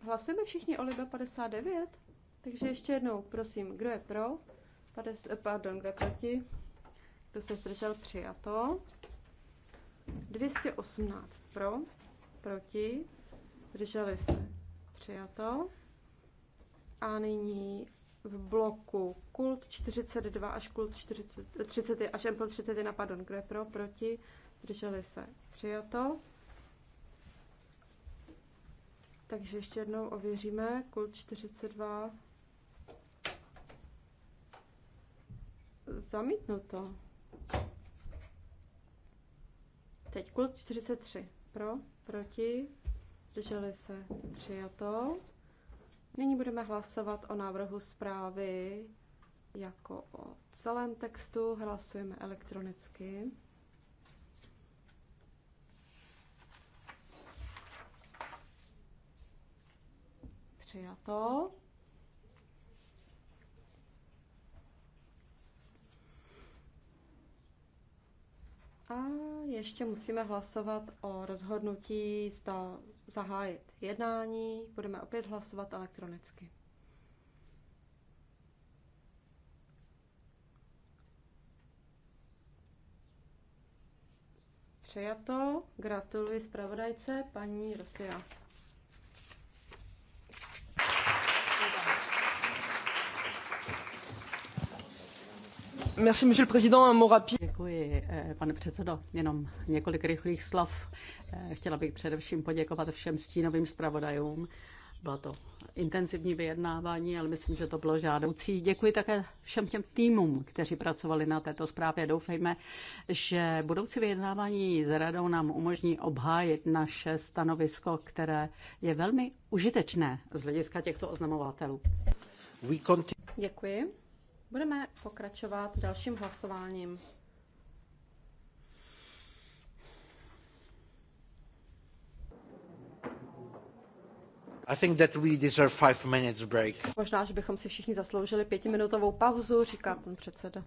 Hlasujeme všichni o Libe 59? Takže ještě jednou, prosím, kdo je pro? Pades, eh, pardon, kdo je proti? Kdo se zdržel? Přijato. 218 pro, proti, zdrželi se. Přijato. A nyní v bloku kult 42 až kult 40, 30 až 31, pardon, kdo je pro, proti, drželi se, přijato. Takže ještě jednou ověříme kult 42. Zamítnuto. Teď kult 43. Pro, proti, drželi se, přijato. Nyní budeme hlasovat o návrhu zprávy jako o celém textu. Hlasujeme elektronicky. přijato. A ještě musíme hlasovat o rozhodnutí, zda zahájit jednání. Budeme opět hlasovat elektronicky. Přijato. Gratuluji zpravodajce paní Rosia. Merci, monsieur le président. Un mot rapide. Děkuji, eh, pane předsedo. Jenom několik rychlých slov. Eh, chtěla bych především poděkovat všem stínovým zpravodajům. Bylo to intenzivní vyjednávání, ale myslím, že to bylo žádoucí. Děkuji také všem těm týmům, kteří pracovali na této zprávě. Doufejme, že budoucí vyjednávání s radou nám umožní obhájit naše stanovisko, které je velmi užitečné z hlediska těchto oznamovatelů. Děkuji. Budeme pokračovat dalším hlasováním. I think that we deserve five minutes break. Možná, že bychom si všichni zasloužili pětiminutovou pauzu, říká pan předseda.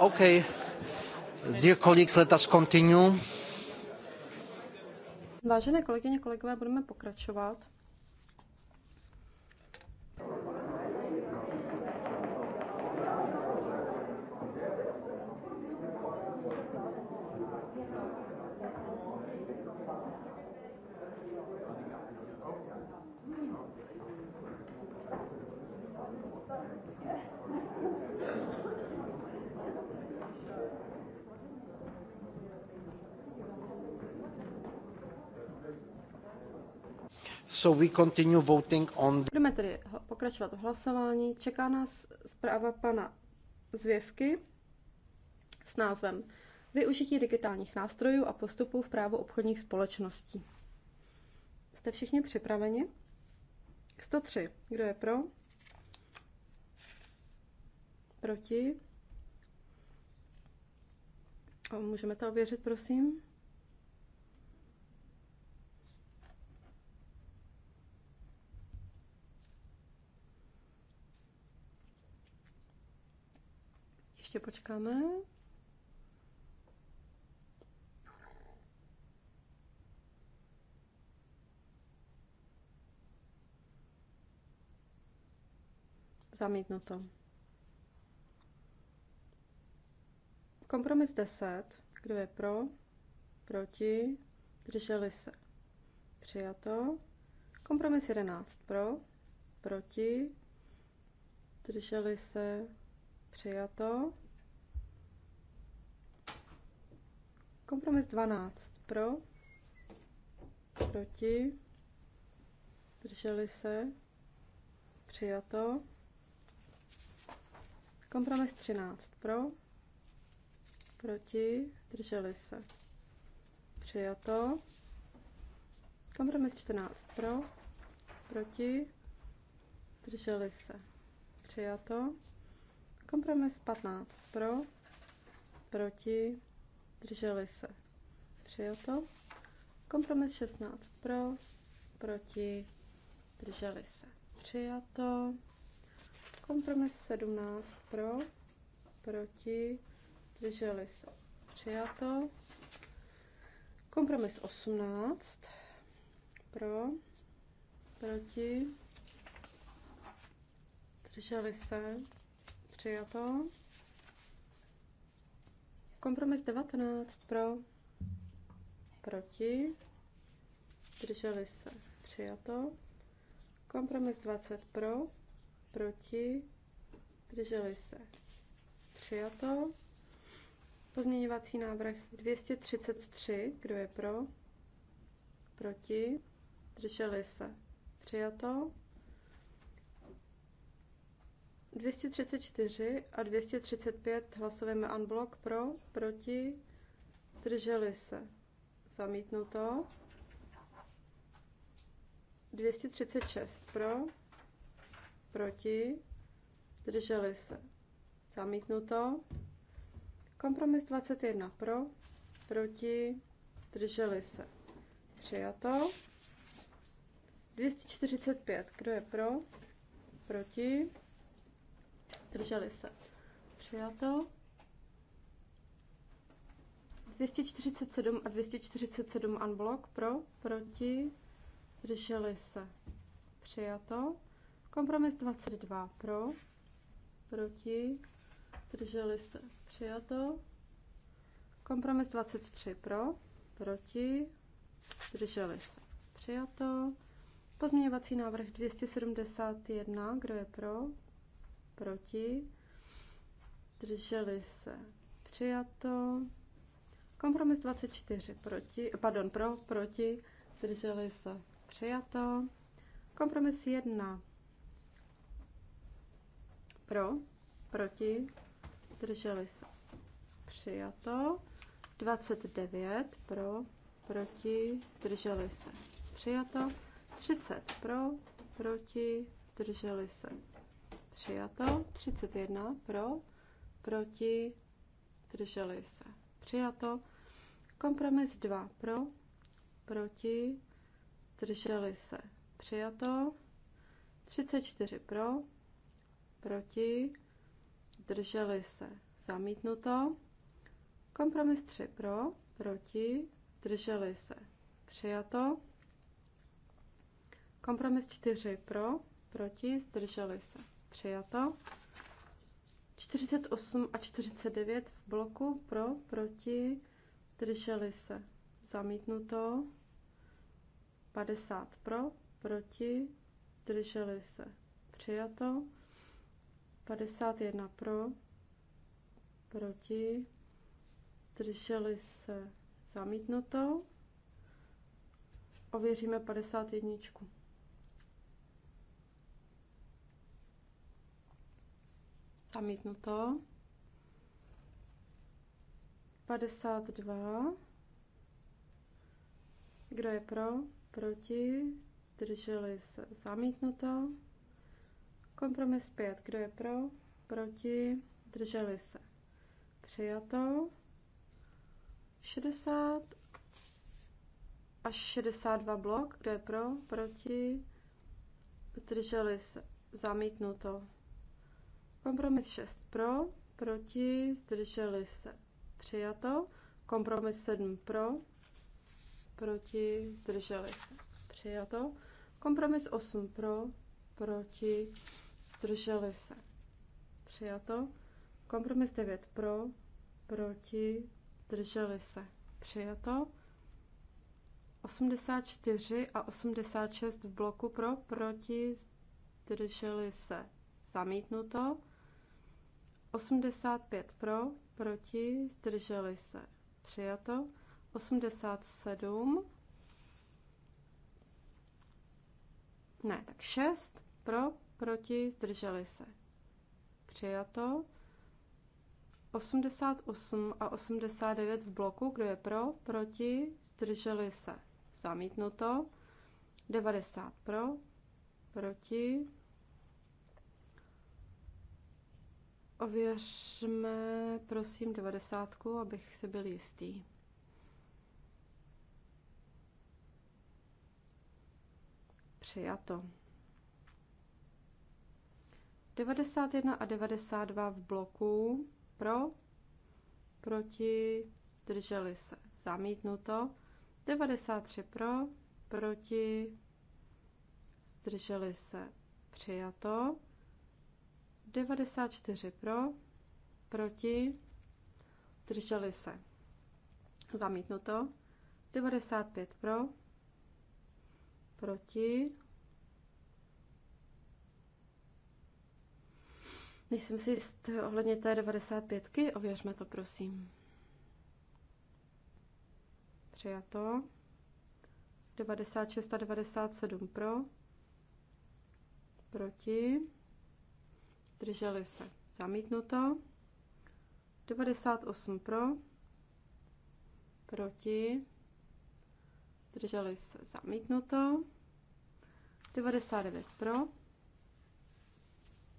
Okay. Dear colleagues, let us continue. Vážené kolegyně, kolegové, budeme pokračovat. So we continue voting on... Budeme tedy pokračovat v hlasování. Čeká nás zpráva pana Zvěvky s názvem Využití digitálních nástrojů a postupů v právu obchodních společností. Jste všichni připraveni? 103. Kdo je pro? Proti? A můžeme to ověřit, prosím? Ještě počkáme. Zamítnuto. Kompromis 10. Kdo je pro? Proti? Drželi se. Přijato. Kompromis 11. Pro? Proti? Drželi se. Přijato. Kompromis 12. Pro? Proti? Drželi se. Přijato. Kompromis 13 pro, proti, drželi se. Přijato. Kompromis 14 pro, proti, drželi se. Přijato. Kompromis 15 pro, proti, drželi se. Přijato. Kompromis 16 pro, proti, drželi se. Přijato. Kompromis 17 pro, proti, zdrželi se přijato. Kompromis 18 pro, proti, zdrželi se přijato. Kompromis 19 pro, proti, zdrželi se přijato. Kompromis 20 pro, proti, drželi se. Přijato. Pozměňovací návrh 233, kdo je pro, proti, drželi se. Přijato. 234 a 235 hlasujeme unblock pro, proti, drželi se. Zamítnuto. 236 pro, proti, zdrželi se zamítnuto. Kompromis 21 pro, proti, zdrželi se přijato. 245, kdo je pro, proti, zdrželi se přijato. 247 a 247 unblock pro, proti, zdrželi se přijato. Kompromis 22 pro, proti, zdrželi se, přijato. Kompromis 23 pro, proti, zdrželi se, přijato. Pozměňovací návrh 271, kdo je pro, proti, zdrželi se, přijato. Kompromis 24 proti, pardon, pro, proti, zdrželi se, přijato. Kompromis 1 pro, proti, drželi se. Přijato. 29 pro, proti, drželi se. Přijato. 30 pro, proti, drželi se. Přijato. 31 pro, proti, drželi se. Přijato. Kompromis 2 pro, proti, drželi se. Přijato. 34 pro, proti, drželi se, zamítnuto. Kompromis 3 pro, proti, drželi se, přijato. Kompromis 4 pro, proti, zdrželi se, přijato. 48 a 49 v bloku pro, proti, drželi se, zamítnuto. 50 pro, proti, zdrželi se, přijato. 51 pro, proti, zdrželi se zamítnutou. Ověříme 51. Zamítnuto. 52. Kdo je pro? Proti? Zdrželi se zamítnuto. Kompromis 5. Kdo je pro? Proti? Drželi se. Přijato. 60 až 62 blok. Kdo je pro? Proti? Zdrželi se. Zamítnuto. Kompromis 6 pro, proti, zdrželi se. Přijato. Kompromis 7 pro, proti, zdrželi se. Přijato. Kompromis 8 pro, proti, zdrželi se. Přijato. Kompromis 9 pro, proti, zdrželi se. Přijato. 84 a 86 v bloku pro, proti, zdrželi se. Zamítnuto. 85 pro, proti, zdrželi se. Přijato. 87. Ne, tak 6 pro, proti, zdrželi se. Přijato. 88 a 89 v bloku, kdo je pro, proti, zdrželi se. Zamítnuto. 90 pro, proti. Ověřme, prosím, 90, abych si byl jistý. Přijato. 91 a 92 v bloku pro, proti, zdrželi se, zamítnuto. 93 pro, proti, zdrželi se, přijato. 94 pro, proti, zdrželi se, zamítnuto. 95 pro, proti, Nejsem si jist ohledně té 95. -ky. Ověřme to, prosím. Přijato. 96 a 97 pro. Proti. Drželi se. Zamítnuto. 98 pro. Proti. Drželi se. Zamítnuto. 99 pro.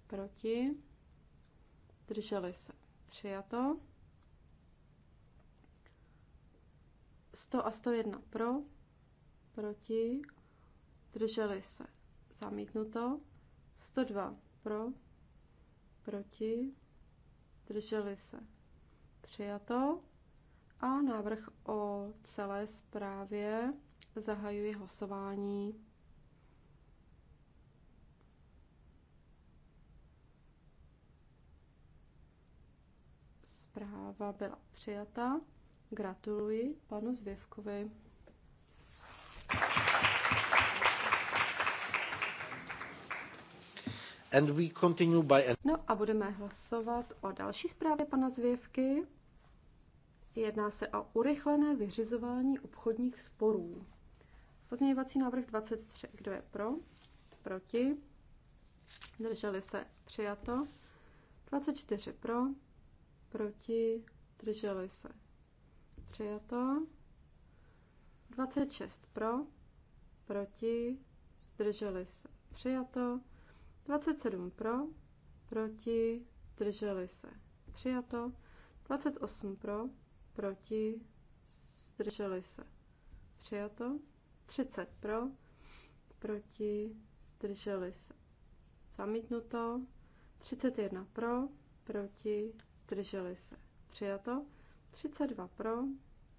Proti zdrželi se, přijato. 100 a 101 pro, proti, zdrželi se, zamítnuto. 102 pro, proti, zdrželi se, přijato. A návrh o celé zprávě zahajuji hlasování. Zpráva byla přijata. Gratuluji panu Zvěvkovi. And we continue by... No a budeme hlasovat o další zprávě pana Zvěvky. Jedná se o urychlené vyřizování obchodních sporů. Pozměňovací návrh 23. Kdo je pro? Proti? Drželi se přijato. 24 pro, proti, drželi se. Přijato. 26 pro, proti, zdrželi se. Přijato. 27 pro, proti, zdrželi se. Přijato. 28 pro, proti, zdrželi se. Přijato. 30 pro, proti, zdrželi se. Zamítnuto. 31 pro, proti, zdrželi se, přijato. 32 pro,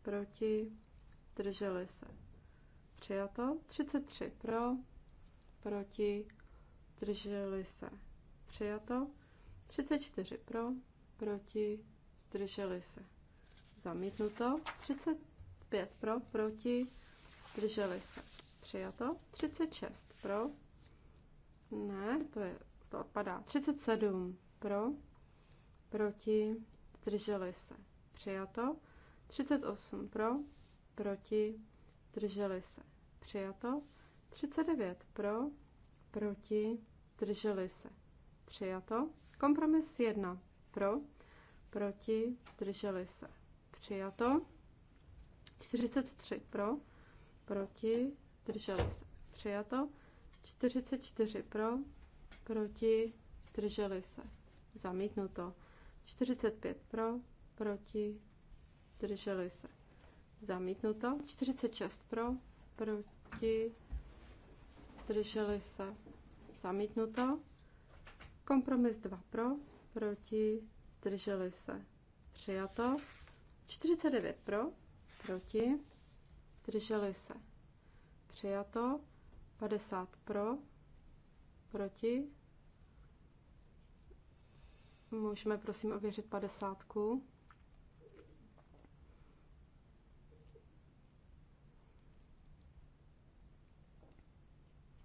proti, zdrželi se, přijato. 33 pro, proti, zdrželi se, přijato. 34 pro, proti, zdrželi se, zamítnuto. 35 pro, proti, zdrželi se, přijato. 36 pro, ne, to je, to odpadá. 37 pro, proti, zdrželi se, přijato. 38 pro, proti, zdrželi se, přijato. 39 pro, proti, zdrželi se, přijato. Kompromis 1 pro, proti, zdrželi se, přijato. 43 pro, proti, zdrželi se, přijato. 44 pro, proti, zdrželi se, zamítnuto. 45 pro, proti, zdrželi se. Zamítnuto. 46 pro, proti, zdrželi se. Zamítnuto. Kompromis 2 pro, proti, zdrželi se. Přijato. 49 pro, proti, zdrželi se. Přijato. 50 pro, proti, Můžeme prosím ověřit padesátku.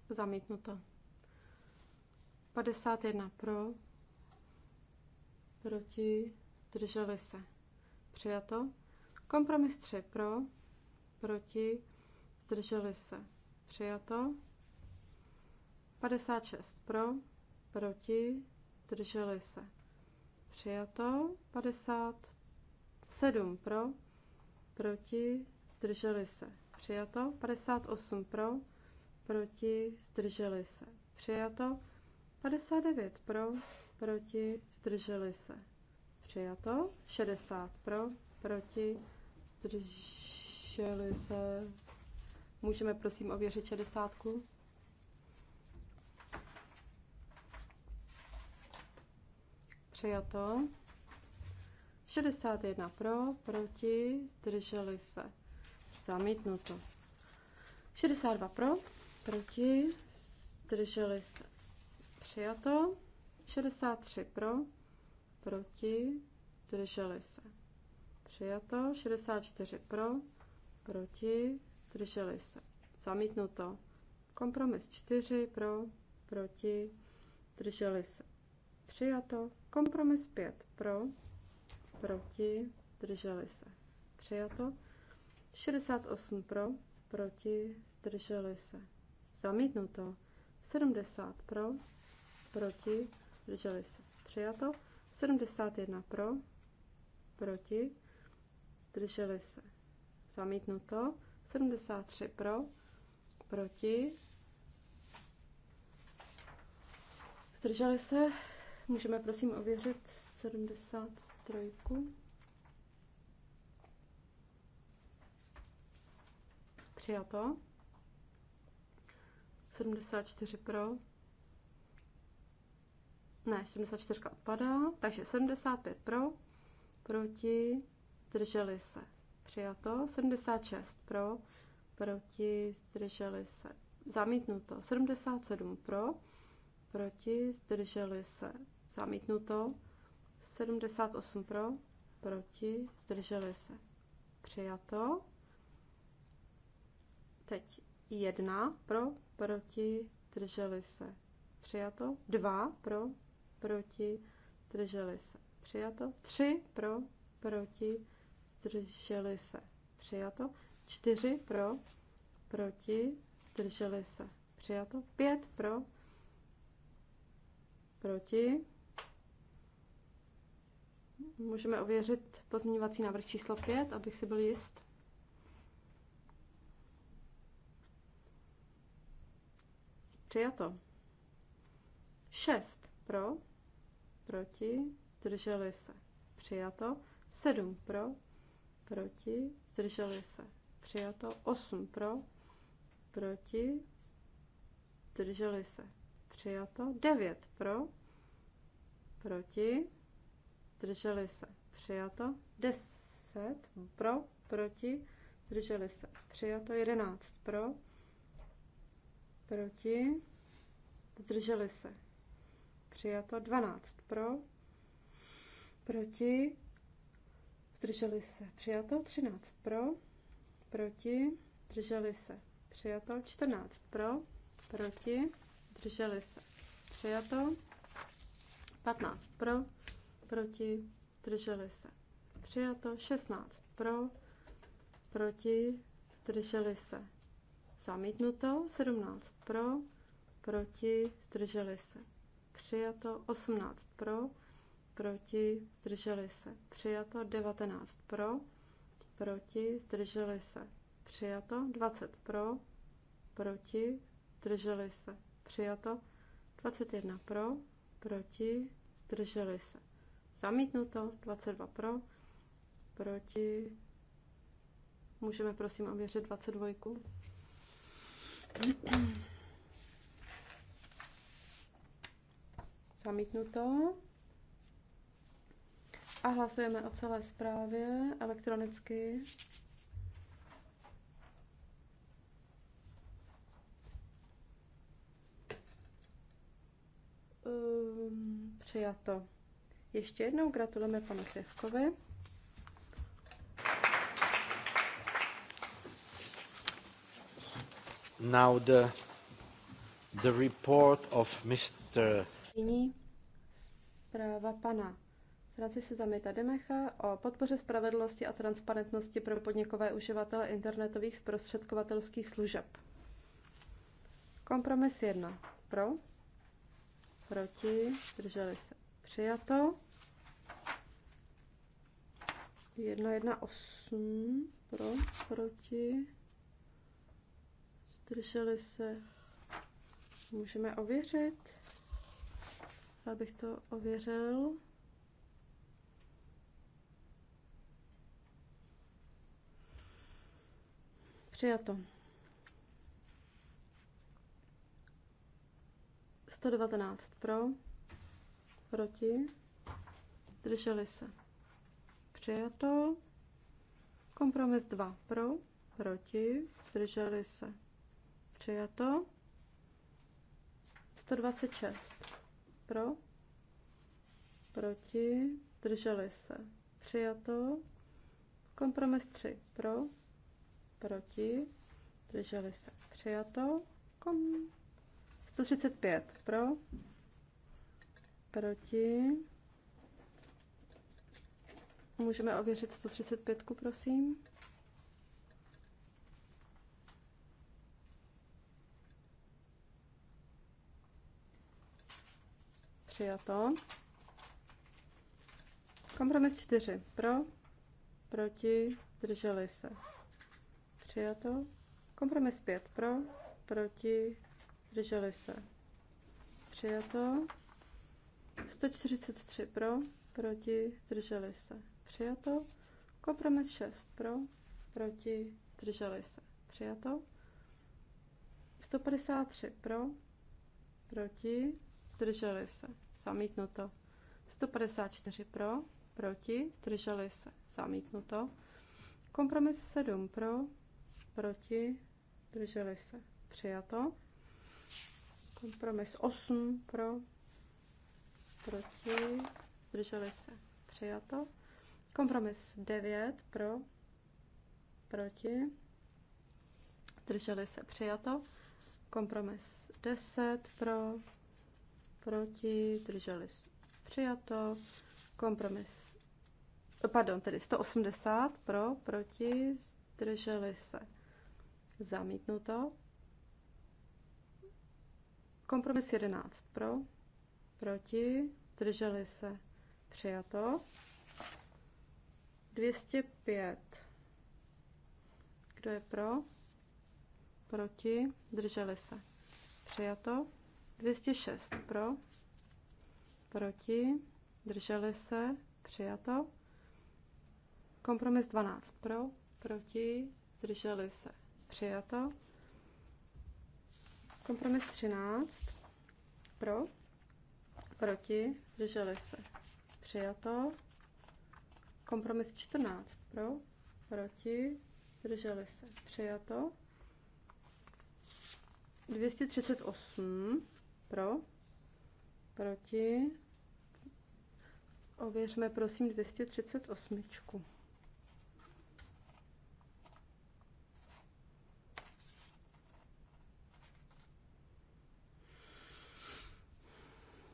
Zamítnuto. 51 pro, proti, drželi se. Přijato. Kompromis 3 pro, proti, zdrželi se. Přijato. 56 pro, proti, zdrželi se. Přijato. 57 pro. Proti. Zdrželi se. Přijato. 58 pro. Proti. Zdrželi se. Přijato. 59 pro. Proti. Zdrželi se. Přijato. 60 pro. Proti. Zdrželi se. Můžeme prosím ověřit 60. Přijato. 61 pro, proti, zdrželi se. Zamítnuto. 62 pro, proti, zdrželi se. Přijato. 63 pro, proti, zdrželi se. Přijato. 64 pro, proti, zdrželi se. Zamítnuto. Kompromis 4 pro, proti, zdrželi se Přijato. Kompromis 5 pro, proti, zdrželi se. Přijato. 68 pro, proti, zdrželi se. Zamítnuto. 70 pro, proti, zdrželi se. Přijato. 71 pro, proti, zdrželi se. Zamítnuto. 73 pro, proti, zdrželi se. Můžeme prosím ověřit 73. Přijato. 74 pro. Ne, 74 odpadá, takže 75 pro, proti, zdrželi se. Přijato. 76 pro, proti, zdrželi se. Zamítnuto. 77 pro, proti, zdrželi se. Zamítnuto. 78 pro, proti, zdrželi se. Přijato. Teď 1 pro, proti, zdrželi se. Přijato. 2 pro, proti, zdrželi se. Přijato. 3 pro, proti, zdrželi se. Přijato. 4 pro, proti, zdrželi se. Přijato. 5 pro, proti, Můžeme ověřit pozměňovací návrh číslo 5, abych si byl jist. Přijato. 6 pro, proti, zdrželi se. Přijato. 7 pro, proti, zdrželi se. Přijato. 8 pro, proti, zdrželi se. Přijato. 9 pro, proti, zdrželi se, přijato. 10 pro, proti, zdrželi se, přijato. 11 pro, proti, zdrželi se, přijato. 12 pro, proti, zdrželi se, přijato. 13 pro, proti, zdrželi se, přijato. 14 pro, proti, zdrželi se, přijato. 15 pro, proti, zdrželi se. Přijato 16 pro, proti, zdrželi se. Zamítnuto 17 pro, proti, zdrželi se. Přijato 18 pro, proti, zdrželi se. Přijato 19 pro, proti, zdrželi se. Přijato 20 pro, proti, zdrželi se. Přijato 21 pro, proti, zdrželi se. Zamítnuto 22 pro, proti. Můžeme prosím ověřit 22. (clears throat) Zamítnuto. A hlasujeme o celé zprávě elektronicky. Ehm, přijato. Ještě jednou gratulujeme panu Sevkovi. Now the, the report of Mr. Nyní zpráva pana Francise Zamita Demecha o podpoře spravedlnosti a transparentnosti pro podnikové uživatele internetových zprostředkovatelských služeb. Kompromis 1. Pro. Proti. Drželi se. Přijato. 1,18 pro, proti. Zdrželi se. Můžeme ověřit. Já bych to ověřil. Přijato. 119 pro, proti, zdrželi se přijato. Kompromis 2 pro, proti, zdrželi se, přijato. 126 pro, proti, zdrželi se, přijato. Kompromis 3 pro, proti, zdrželi se, přijato. Kom 135 pro, proti, Můžeme ověřit 135, prosím. Přijato. Kompromis 4. Pro, proti, zdrželi se. Přijato. Kompromis 5. Pro, proti, zdrželi se. Přijato. 143 pro, proti, zdrželi se přijato. Kompromis 6 pro, proti, zdrželi se, přijato. 153 pro, proti, zdrželi se, zamítnuto. 154 pro, proti, zdrželi se, zamítnuto. Kompromis 7 pro, proti, zdrželi se, přijato. Kompromis 8 pro, proti, zdrželi se, přijato. Kompromis 9 pro, proti, zdrželi se přijato. Kompromis 10 pro, proti, zdrželi se přijato. Kompromis, pardon, tedy 180 pro, proti, zdrželi se zamítnuto. Kompromis 11 pro, proti, zdrželi se přijato. 205. Kdo je pro? Proti? Drželi se. Přijato. 206 pro. Proti? Drželi se. Přijato. Kompromis 12 pro. Proti? Drželi se. Přijato. Kompromis 13 pro. Proti? Drželi se. Přijato. Kompromis 14 pro, proti, zdrželi se, přijato. 238 pro, proti. Ověřme prosím 238.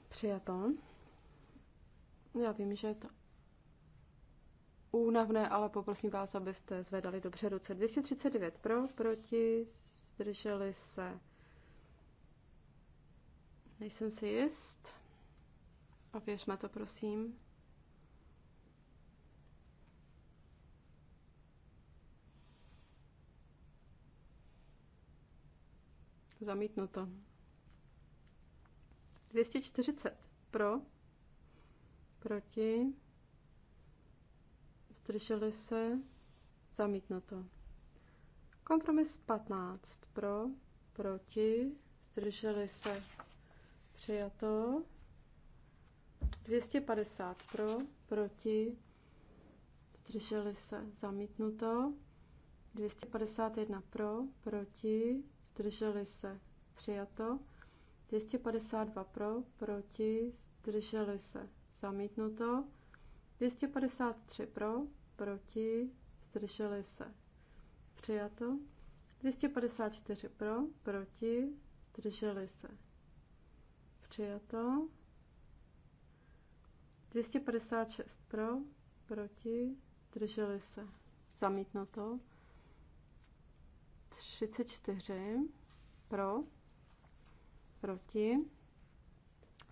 Přijato. Já vím, že je to únavné, ale poprosím vás, abyste zvedali dobře ruce. 239 pro, proti, zdrželi se. Nejsem si jist. Ověřme to, prosím. Zamítnuto. 240 pro, proti, zdrželi se, zamítnuto. Kompromis 15 pro, proti, zdrželi se, přijato. 250 pro, proti, zdrželi se, zamítnuto. 251 pro, proti, zdrželi se, přijato. 252 pro, proti, zdrželi se, zamítnuto. 253 pro, proti, zdrželi se. Přijato. 254 pro, proti, zdrželi se. Přijato. 256 pro, proti, zdrželi se. Zamítnuto. 34 pro, proti,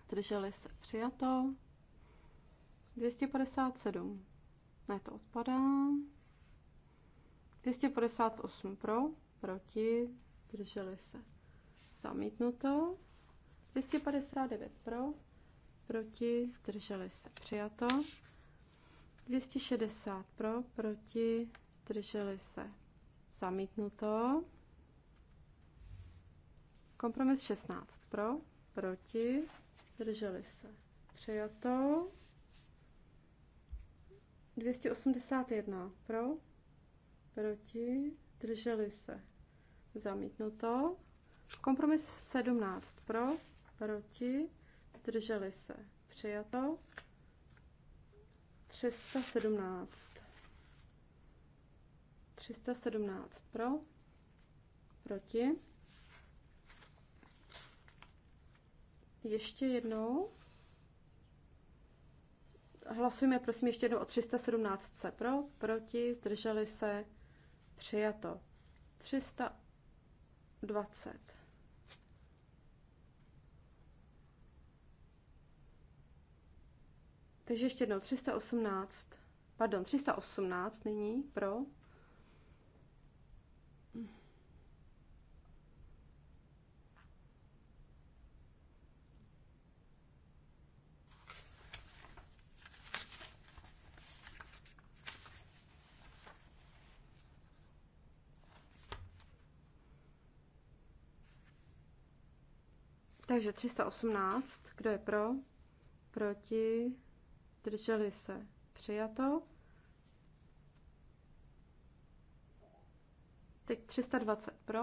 zdrželi se. Přijato. 257. Ne, to odpadá. 258 pro, proti, drželi se. Zamítnuto. 259 pro, proti, zdrželi se. Přijato. 260 pro, proti, zdrželi se. Zamítnuto. Kompromis 16 pro, proti, zdrželi se. Přijato. 281 pro, proti, drželi se, zamítnuto. Kompromis 17 pro, proti, drželi se, přijato. 317. 317 pro, proti. Ještě jednou. Hlasujeme prosím ještě jednou o 317 pro, proti, zdrželi se, přijato. 320. Takže ještě jednou 318, pardon, 318 nyní pro, Takže 318, kdo je pro? Proti? Drželi se? Přijato. Teď 320 pro?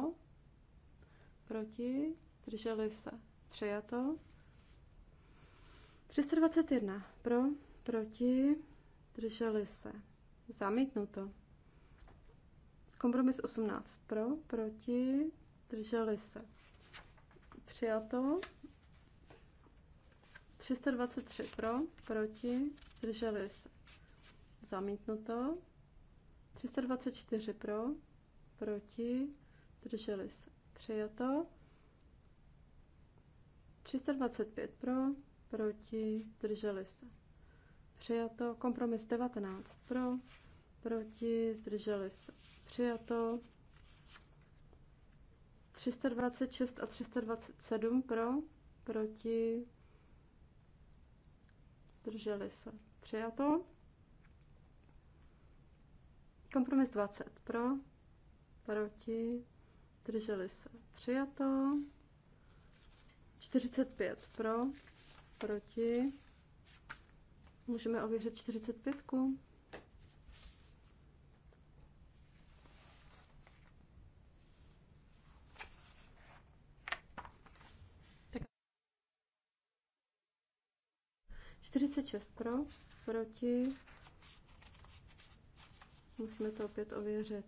Proti? Drželi se? Přijato. 321 pro? Proti? Drželi se? Zamítnuto. Kompromis 18 pro? Proti? Drželi se? Přijato. 323 pro, proti, zdrželi se. Zamítnuto. 324 pro, proti, zdrželi se. Přijato. 325 pro, proti, zdrželi se. Přijato. Kompromis 19 pro, proti, zdrželi se. Přijato. 326 a 327 pro, proti, drželi se. Přijato. Kompromis 20 pro, proti, drželi se. Přijato. 45 pro, proti. Můžeme ověřit 45. -ku. 46 pro, proti. Musíme to opět ověřit.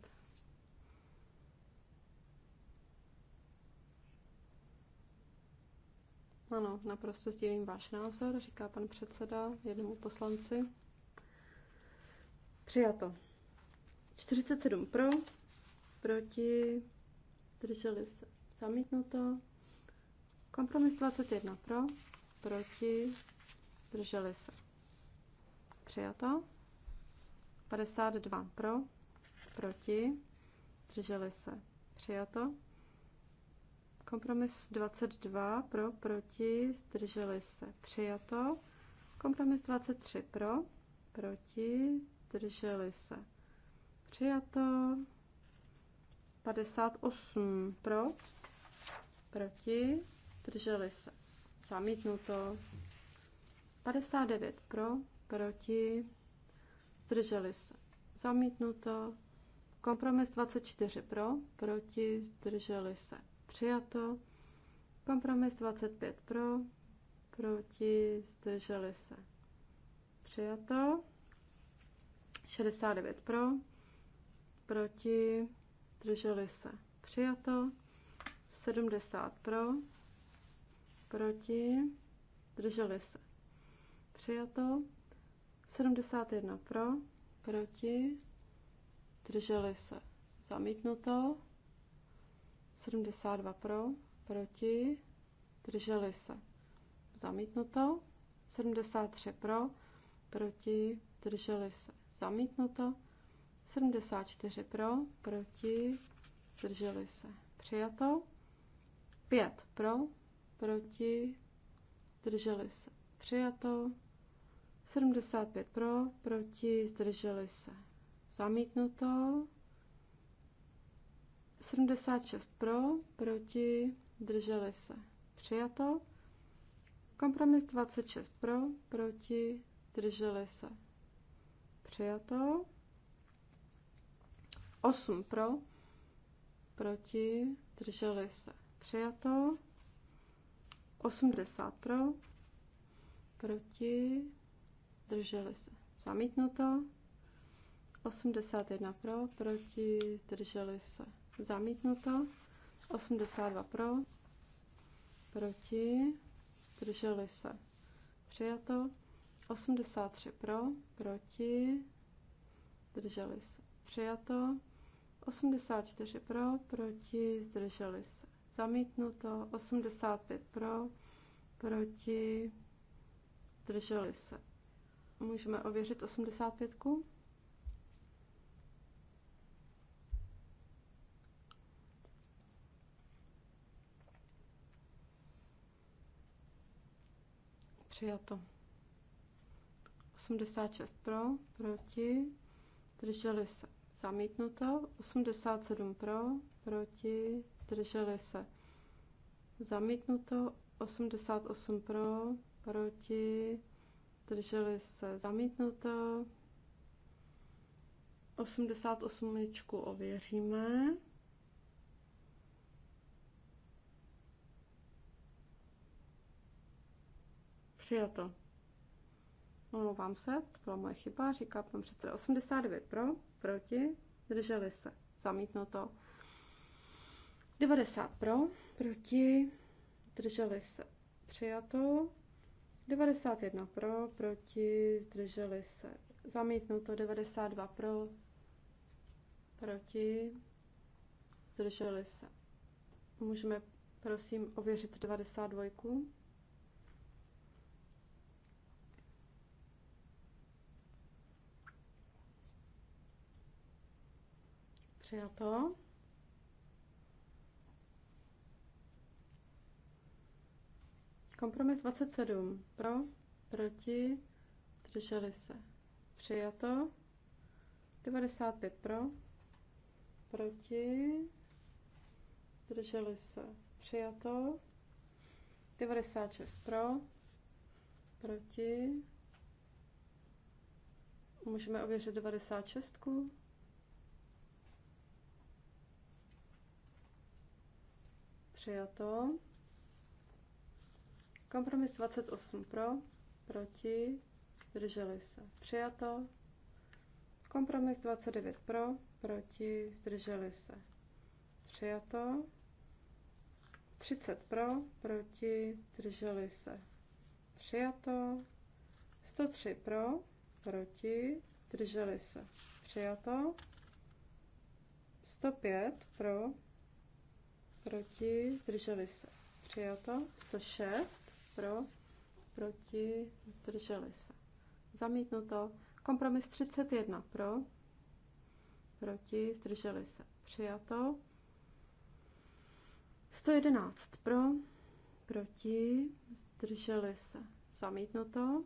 Ano, naprosto sdílím váš názor, říká pan předseda jednomu poslanci. Přijato. 47 pro, proti, drželi se zamítnuto. Kompromis 21 pro, proti, zdrželi se. Přijato. 52 pro, proti, zdrželi se. Přijato. Kompromis 22 pro, proti, zdrželi se. Přijato. Kompromis 23 pro, proti, zdrželi se. Přijato. 58 pro, proti, zdrželi se. Zamítnuto. 59 pro, proti, zdrželi se. Zamítnuto. Kompromis 24 pro, proti, zdrželi se. Přijato. Kompromis 25 pro, proti, zdrželi se. Přijato. 69 pro, proti, zdrželi se. Přijato. 70 pro, proti, zdrželi se Přijato. 71 pro, proti, drželi se. Zamítnuto. 72 pro, proti, drželi se. Zamítnuto. 73 pro, proti, drželi se. Zamítnuto. 74 pro, proti, Drželi se. Přijato. 5 pro, proti, Drželi se. Přijato. 75 pro, proti, zdrželi se. Zamítnuto. 76 pro, proti, zdrželi se. Přijato. Kompromis 26 pro, proti, zdrželi se. Přijato. 8 pro, proti, zdrželi se. Přijato. 80 pro, proti, zdrželi se. Zamítnuto. 81 pro, proti, zdrželi se. Zamítnuto. 82 pro, proti, zdrželi se. Přijato. 83 pro, proti, zdrželi se. Přijato. 84 pro, proti, zdrželi se. Zamítnuto. 85 pro, proti, zdrželi se Můžeme ověřit 85. -ku. Přijato. 86 pro, proti, drželi se. Zamítnuto. 87 pro, proti, drželi se. Zamítnuto. 88 pro, proti, zdrželi se zamítnuto. 88 ověříme. Přijato. Omlouvám se, to byla moje chyba, říká pan předseda. 89 pro, proti, zdrželi se, zamítnuto. 90 pro, proti, zdrželi se, přijato. 91 pro, proti, zdrželi se. Zamítnuto 92 pro, proti, zdrželi se. Můžeme prosím ověřit 92. Přijato. Kompromis 27. Pro, proti, zdrželi se. Přijato. 95 pro, proti, zdrželi se. Přijato. 96 pro, proti. Můžeme ověřit 96. -ku. Přijato. Kompromis 28 pro, proti, zdrželi se, přijato. Kompromis 29 pro, proti, zdrželi se, přijato. 30 pro, proti, zdrželi se, přijato. 103 pro, proti, zdrželi se, přijato. 105 pro, proti, zdrželi se, přijato. 106 pro, proti, zdrželi se. Zamítnuto. Kompromis 31 pro, proti, zdrželi se. Přijato. 111 pro, proti, zdrželi se. Zamítnuto.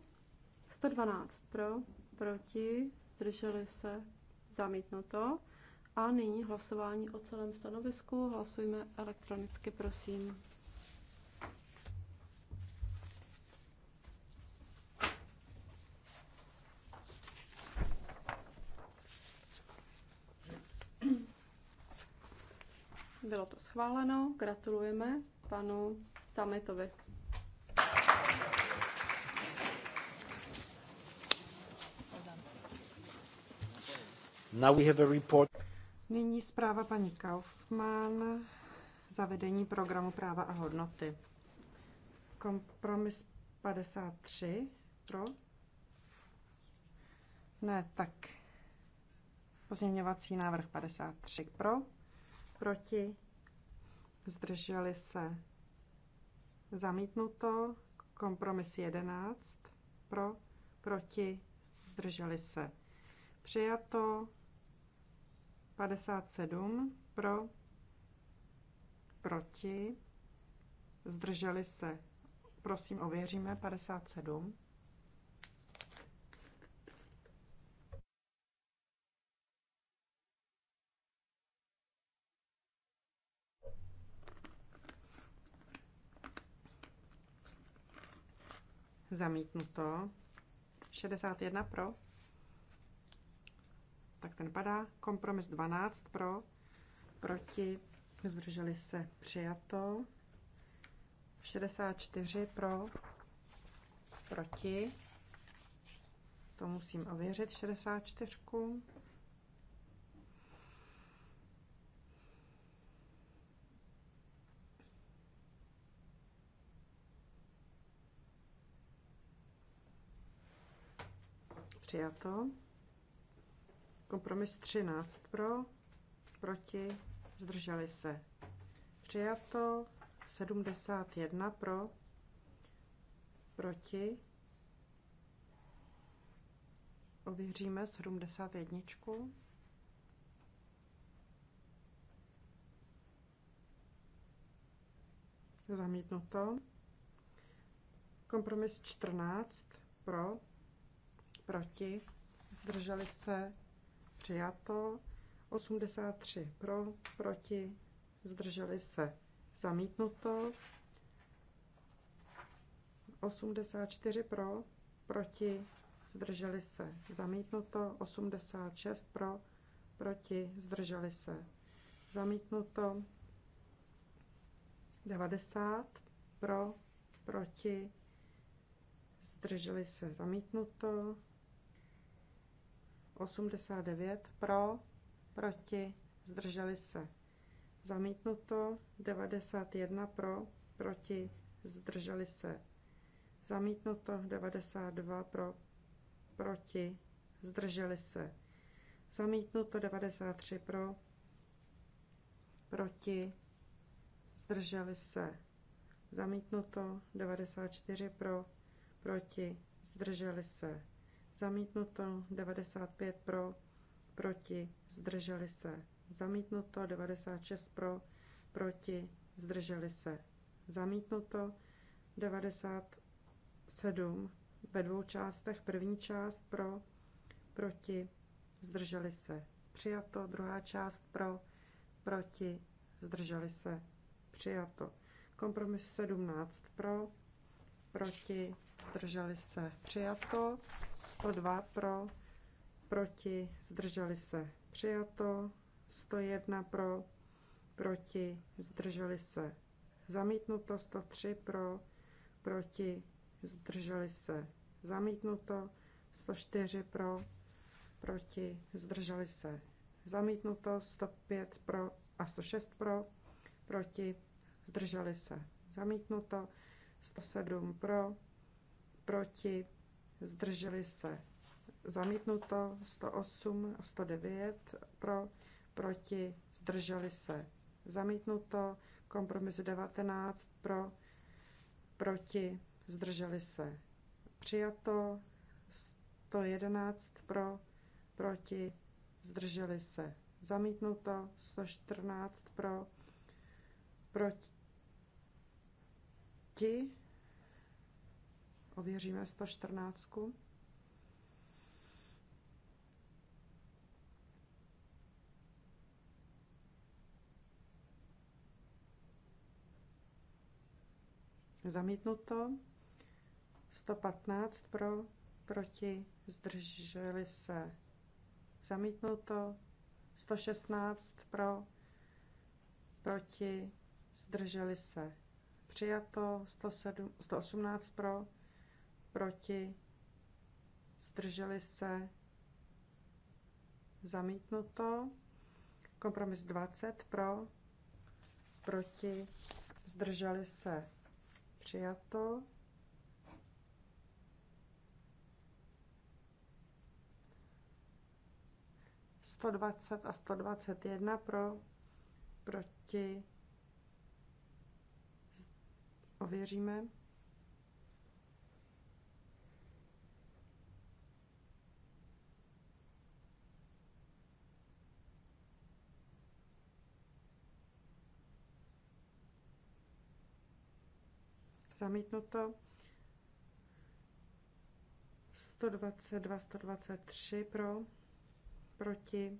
112 pro, proti, zdrželi se. Zamítnuto. A nyní hlasování o celém stanovisku. Hlasujme elektronicky, prosím. Bylo to schváleno. Gratulujeme panu Samitovi. Now we have a report. Nyní zpráva paní Kaufmann, zavedení programu práva a hodnoty. Kompromis 53 pro? Ne, tak pozměňovací návrh 53 pro, proti, zdrželi se zamítnuto, kompromis 11, pro, proti, zdrželi se přijato, 57, pro, proti, zdrželi se, prosím ověříme, 57. Zamítnuto. 61 pro. Tak ten padá. Kompromis 12 pro. Proti. Zdrželi se. Přijato. 64 pro. Proti. To musím ověřit. 64. Přijato. Kompromis 13 pro, proti, zdrželi se. Přijato. 71 pro, proti. Ověříme 71. Zamítnuto. Kompromis 14 pro, proti, zdrželi se, přijato. 83 pro, proti, zdrželi se, zamítnuto. 84 pro, proti, zdrželi se, zamítnuto. 86 pro, proti, zdrželi se, zamítnuto. 90 pro, proti, zdrželi se, zamítnuto. 89 pro, proti, zdrželi se. Zamítnuto 91 pro, proti, zdrželi se. Zamítnuto 92 pro, proti, zdrželi se. Zamítnuto 93 pro, proti, zdrželi se. Zamítnuto 94 pro, proti, zdrželi se zamítnuto 95 pro, proti, zdrželi se, zamítnuto 96 pro, proti, zdrželi se, zamítnuto 97 ve dvou částech, první část pro, proti, zdrželi se, přijato, druhá část pro, proti, zdrželi se, přijato. Kompromis 17 pro, proti, zdrželi se, přijato. 102 pro, proti, zdrželi se, přijato. 101 pro, proti, zdrželi se, zamítnuto. 103 pro, proti, zdrželi se, zamítnuto. 104 pro, proti, zdrželi se, zamítnuto. 105 pro a 106 pro, proti, zdrželi se, zamítnuto. 107 pro, proti, zdrželi se zamítnuto 108 a 109 pro, proti, zdrželi se zamítnuto, kompromis 19 pro, proti, zdrželi se přijato, 111 pro, proti, zdrželi se zamítnuto, 114 pro, proti, Ověříme 114. Zamítnuto. 115 pro, proti, zdrželi se. Zamítnuto. 116 pro, proti, zdrželi se. Přijato 107, 118 pro, proti, zdrželi se, zamítnuto. Kompromis 20 pro, proti, zdrželi se, přijato. Sto dvacet a sto dvacet jedna pro, proti, ověříme. Zamítnuto. 122, 123 pro, proti,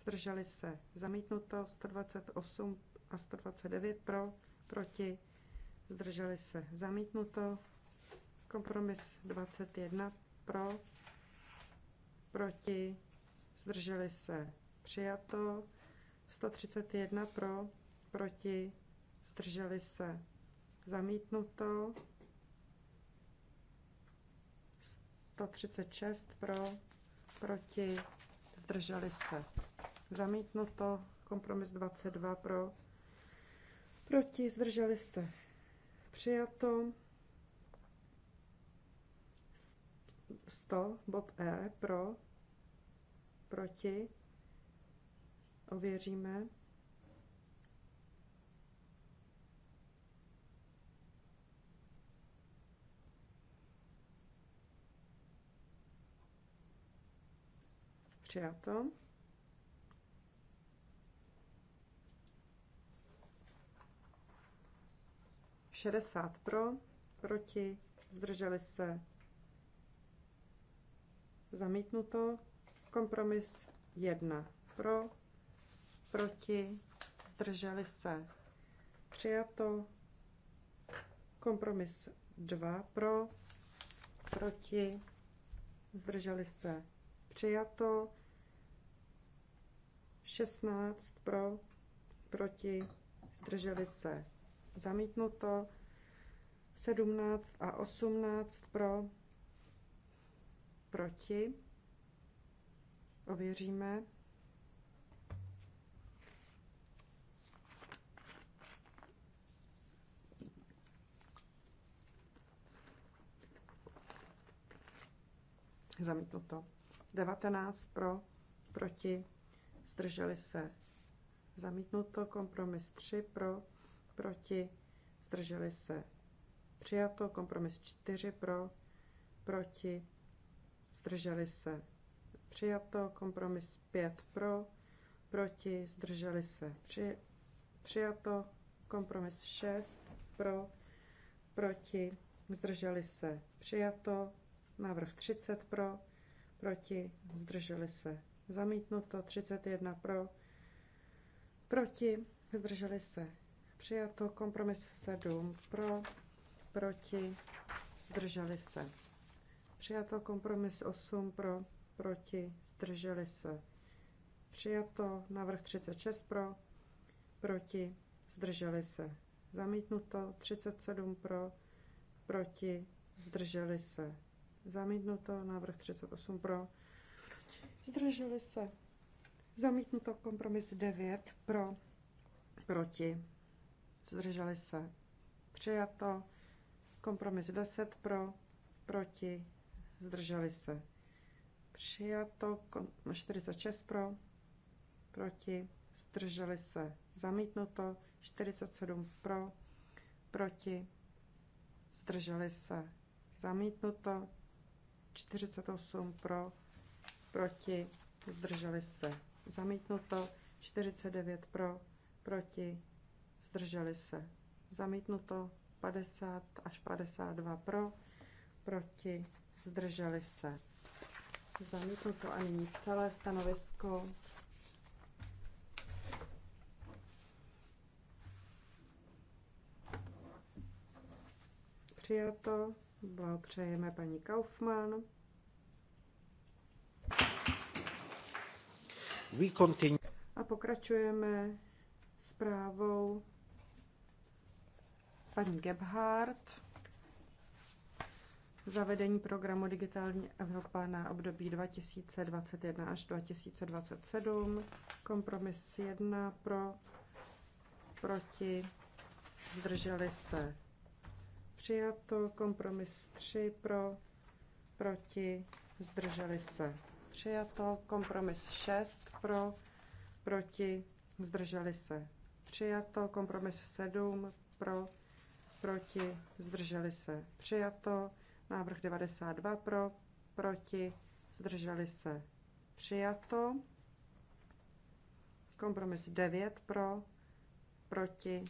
zdrželi se. Zamítnuto 128 a 129 pro, proti, zdrželi se. Zamítnuto. Kompromis 21 pro, proti, zdrželi se. Přijato. 131 pro, proti, zdrželi se zamítnuto. 136 pro, proti, zdrželi se. Zamítnuto, kompromis 22 pro, proti, zdrželi se. Přijato 100 bod E pro, proti, ověříme. Přijato. Šedesát pro, proti, zdrželi se. Zamítnuto. Kompromis jedna. pro, proti, zdrželi se. Přijato. Kompromis dva pro, proti, zdrželi se. Přijato. 16 pro, proti, zdrželi se zamítnuto, 17 a 18 pro, proti, ověříme. Zamítnuto. 19 pro, proti, zdrželi se. Zamítnuto kompromis 3 pro, proti, zdrželi se. Přijato kompromis 4 pro, proti, zdrželi se. Přijato kompromis 5 pro, proti, zdrželi se. Při, přijato kompromis 6 pro, proti, zdrželi se. Přijato návrh 30 pro, proti, zdrželi se zamítnuto 31 pro, proti, zdrželi se, přijato, kompromis 7 pro, proti, zdrželi se, přijato, kompromis 8 pro, proti, zdrželi se, přijato, návrh 36 pro, proti, zdrželi se, zamítnuto 37 pro, proti, zdrželi se, zamítnuto, návrh 38 pro, Zdrželi se. Zamítnuto kompromis 9 pro, proti. Zdrželi se. Přijato. Kompromis 10 pro, proti. Zdrželi se. Přijato. 46 pro, proti. Zdrželi se. Zamítnuto. 47 pro, proti. Zdrželi se. Zamítnuto. 48 pro, proti, zdrželi se zamítnuto, 49 pro, proti, zdrželi se zamítnuto, 50 až 52 pro, proti, zdrželi se zamítnuto a nyní celé stanovisko. Přijato, blahopřejeme paní Kaufmann. A pokračujeme zprávou paní Gebhardt. Zavedení programu Digitální Evropa na období 2021 až 2027. Kompromis 1 pro, proti, zdrželi se. Přijato. Kompromis 3 pro, proti, zdrželi se přijato. Kompromis 6 pro, proti, zdrželi se přijato. Kompromis 7 pro, proti, zdrželi se přijato. Návrh 92 pro, proti, zdrželi se přijato. Kompromis 9 pro, proti,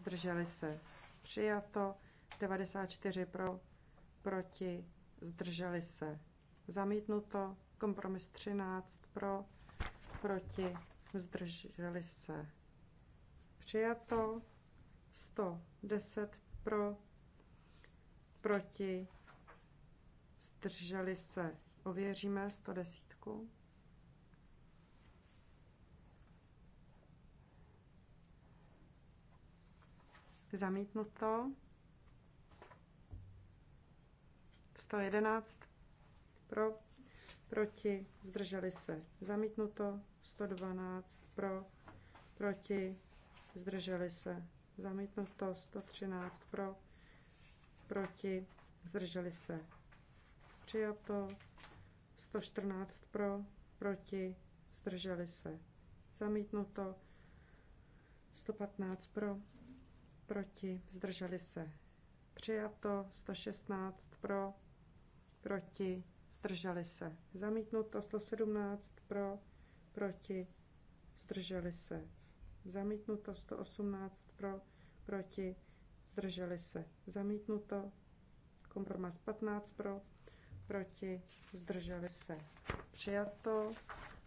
zdrželi se přijato. 94 pro, proti, zdrželi se zamítnuto. Kompromis 13 pro, proti, zdrželi se. Přijato 110 pro, proti, zdrželi se. Ověříme 110. Zamítnuto. 111 pro, proti, zdrželi se, zamítnuto, 112 pro, proti, zdrželi se, zamítnuto, 113 pro, proti, zdrželi se, přijato, 114 pro, proti, zdrželi se, zamítnuto, 115 pro, proti, zdrželi se, přijato, 116 pro, proti, zdrželi se. Zamítnuto 117 pro, proti, zdrželi se. Zamítnuto 118 pro, proti, zdrželi se. Zamítnuto kompromis 15 pro, proti, zdrželi se. Přijato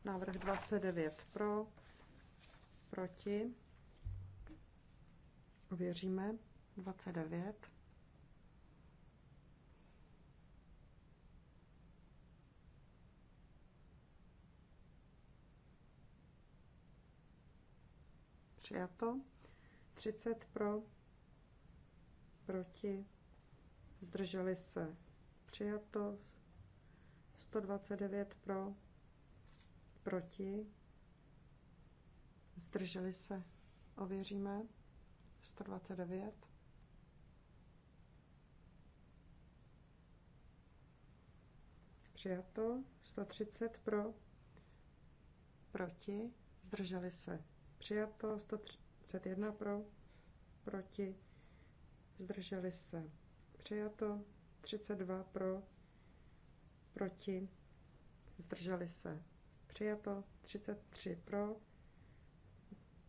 návrh 29 pro, proti, ověříme 29. přijato. 30 pro, proti, zdrželi se, přijato. 129 pro, proti, zdrželi se, ověříme. 129. Přijato. 130 pro, proti, zdrželi se, Přijato 131 pro, proti, zdrželi se. Přijato 32 pro, proti, zdrželi se. Přijato 33 pro,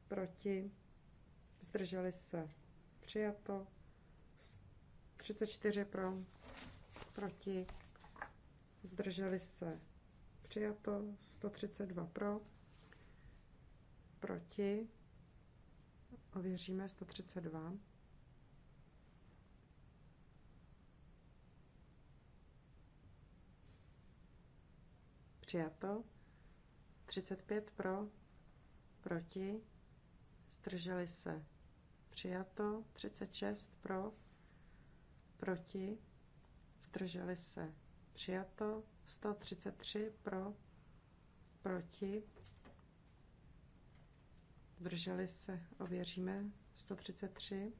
proti, zdrželi se. Přijato 34 pro, proti, zdrželi se. Přijato 132 pro, proti, ověříme 132. Přijato. 35 pro, proti, zdrželi se. Přijato. 36 pro, proti, zdrželi se. Přijato. 133 pro, proti, zdrželi se, ověříme, 133.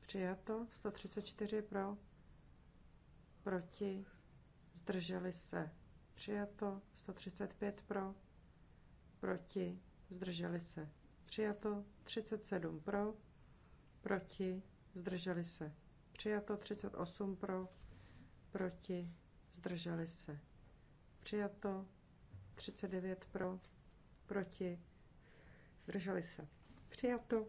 Přijato, 134 pro, proti, zdrželi se, přijato, 135 pro, proti, zdrželi se, přijato, 37 pro, proti, zdrželi se, přijato, 38 pro, proti, zdrželi se, přijato, 39 pro, proti, zdrželi se, přijato,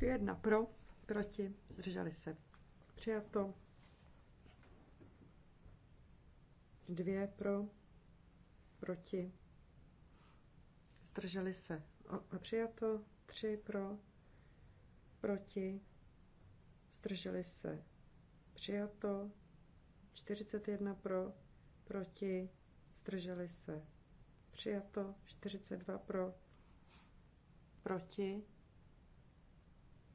1 pro, proti, zdrželi se, přijato, 2 pro, proti, zdrželi se, přijato, 3 pro, proti, zdrželi se přijato, 41 pro, proti, zdrželi se přijato, 42 pro, proti,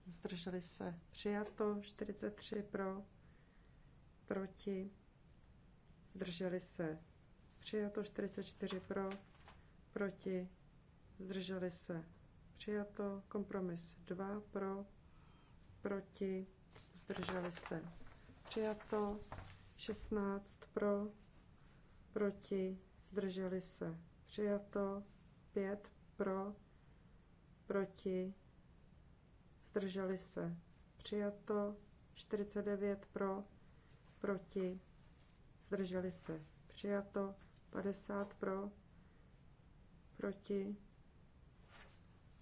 zdrželi se přijato, 43 pro, proti, zdrželi se přijato, 44 pro, proti, zdrželi se přijato, kompromis 2 pro, proti, zdrželi se. Přijato 16 pro, proti, zdrželi se. Přijato 5 pro, proti, zdrželi se. Přijato 49 pro, proti, zdrželi se. Přijato 50 pro, proti,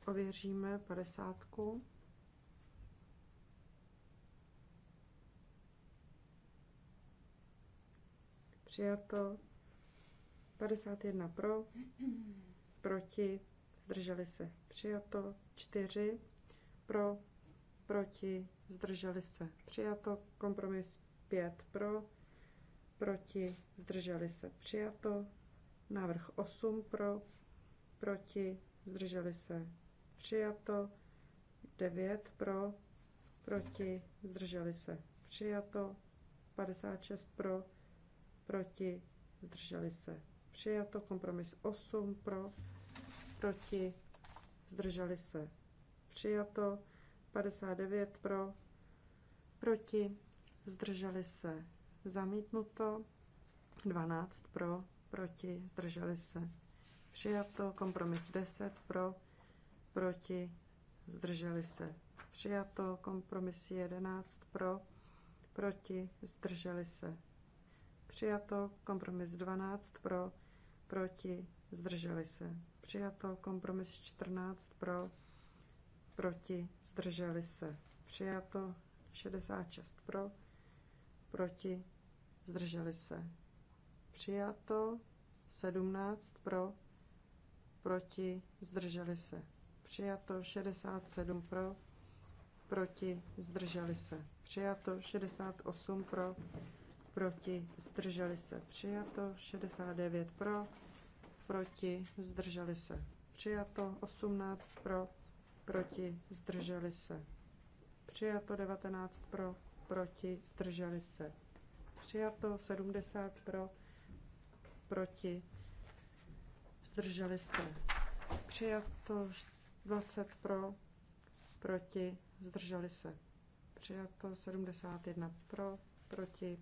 ověříme 50. přijato. 51 pro, proti, zdrželi se, přijato. 4 pro, proti, zdrželi se, přijato. Kompromis 5 pro, proti, zdrželi se, přijato. Návrh 8 pro, proti, zdrželi se, přijato. 9 pro, proti, zdrželi se, přijato. 56 pro, proti, zdrželi se přijato. Kompromis 8 pro, proti, zdrželi se přijato. 59 pro, proti, zdrželi se zamítnuto. 12 pro, proti, zdrželi se přijato. Kompromis 10 pro, proti, zdrželi se přijato. Kompromis 11 pro, proti, zdrželi se Přijato kompromis 12 pro, proti, zdrželi se. Přijato kompromis 14 pro, proti, zdrželi se. Přijato 66 pro, proti, zdrželi se. Přijato 17 pro, proti, zdrželi se. Přijato 67 pro, proti, zdrželi se. Přijato 68 pro, proti, zdrželi se, přijato, 69 pro, proti, zdrželi se, přijato, 18 pro, proti, zdrželi se, přijato, 19 pro, proti, zdrželi se, přijato, 70 pro, proti, zdrželi se, přijato, 20 pro, proti, zdrželi se, přijato, 71 pro, proti,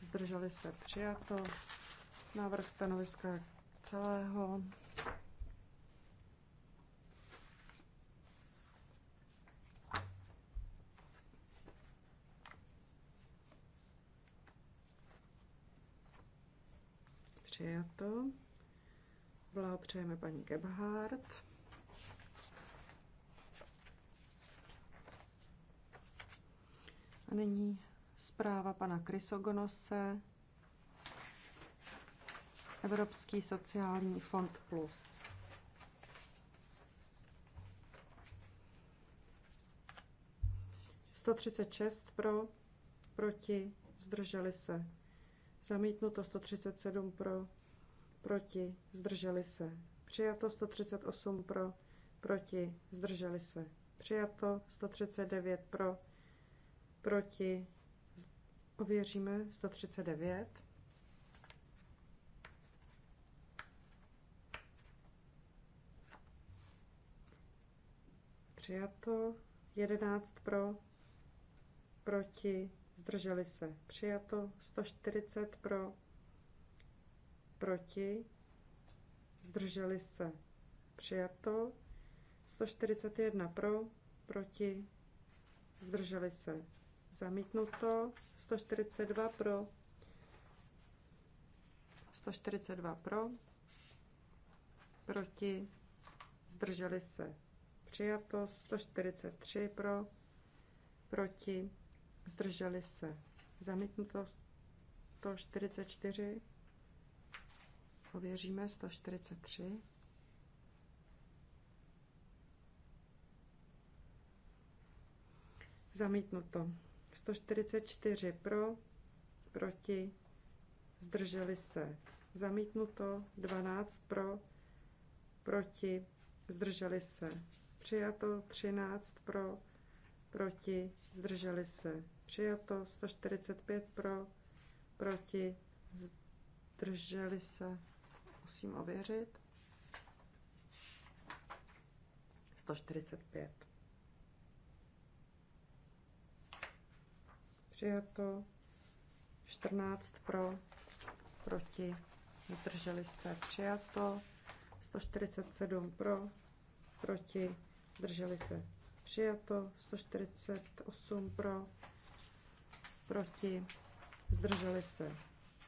zdrželi se přijato. Návrh stanoviska celého. Přijato. Blahopřejeme paní Gebhardt. A nyní Zpráva pana Krysogonose. Evropský sociální fond plus. Sto třicet šest pro, proti, zdrželi se. Zamítnuto 137 pro, proti, zdrželi se. Přijato 138 pro, proti, zdrželi se. Přijato 139 pro, proti, Ověříme 139. Přijato 11 pro, proti, zdrželi se. Přijato 140 pro, proti, zdrželi se. Přijato 141 pro, proti, zdrželi se. Zamítnuto 142 pro. 142 pro. Proti. Zdrželi se. Přijato. 143 pro. Proti. Zdrželi se. Zamítnuto 144. Ověříme 143. Zamítnuto. 144 pro, proti, zdrželi se. Zamítnuto 12 pro, proti, zdrželi se. Přijato 13 pro, proti, zdrželi se. Přijato 145 pro, proti, zdrželi se. Musím ověřit. 145. Přijato. 14 pro, proti, zdrželi se. Přijato. 147 pro, proti, zdrželi se. Přijato. 148 pro, proti, zdrželi se.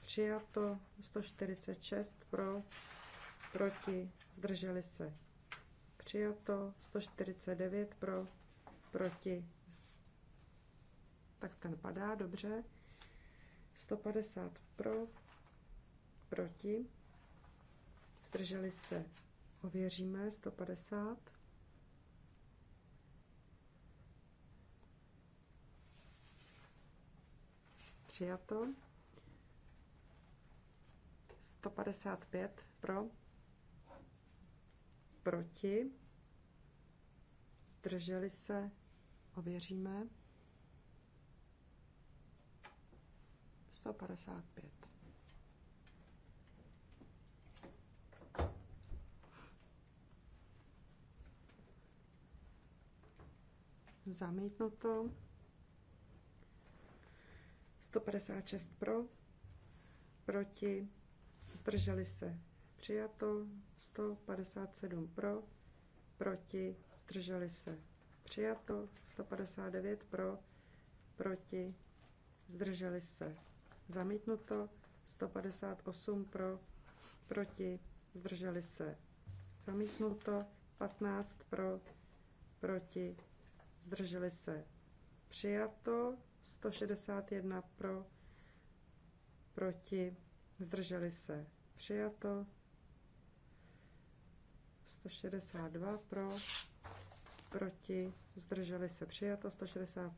Přijato. 146 pro, proti, zdrželi se. Přijato. 149 pro, proti, tak ten padá, dobře. 150 pro, proti, zdrželi se, ověříme, 150. Přijato. 155 pro, proti, zdrželi se, ověříme. 155. Zamítnuto. 156 pro, proti, zdrželi se, přijato, 157 pro, proti, zdrželi se, přijato, 159 pro, proti, zdrželi se, zamítnuto, 158 pro, proti, zdrželi se, zamítnuto, 15 pro, proti, zdrželi se, přijato, 161 pro, proti, zdrželi se, přijato, 162 pro, proti, zdrželi se, přijato, 160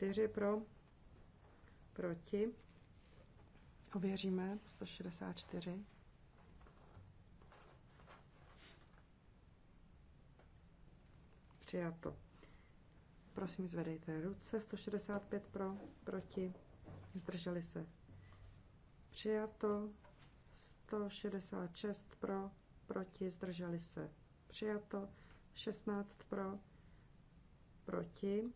4 pro, proti. Ověříme 164. Přijato. Prosím, zvedejte ruce. 165 pro, proti. Zdrželi se. Přijato. 166 pro, proti. Zdrželi se. Přijato. 16 pro, proti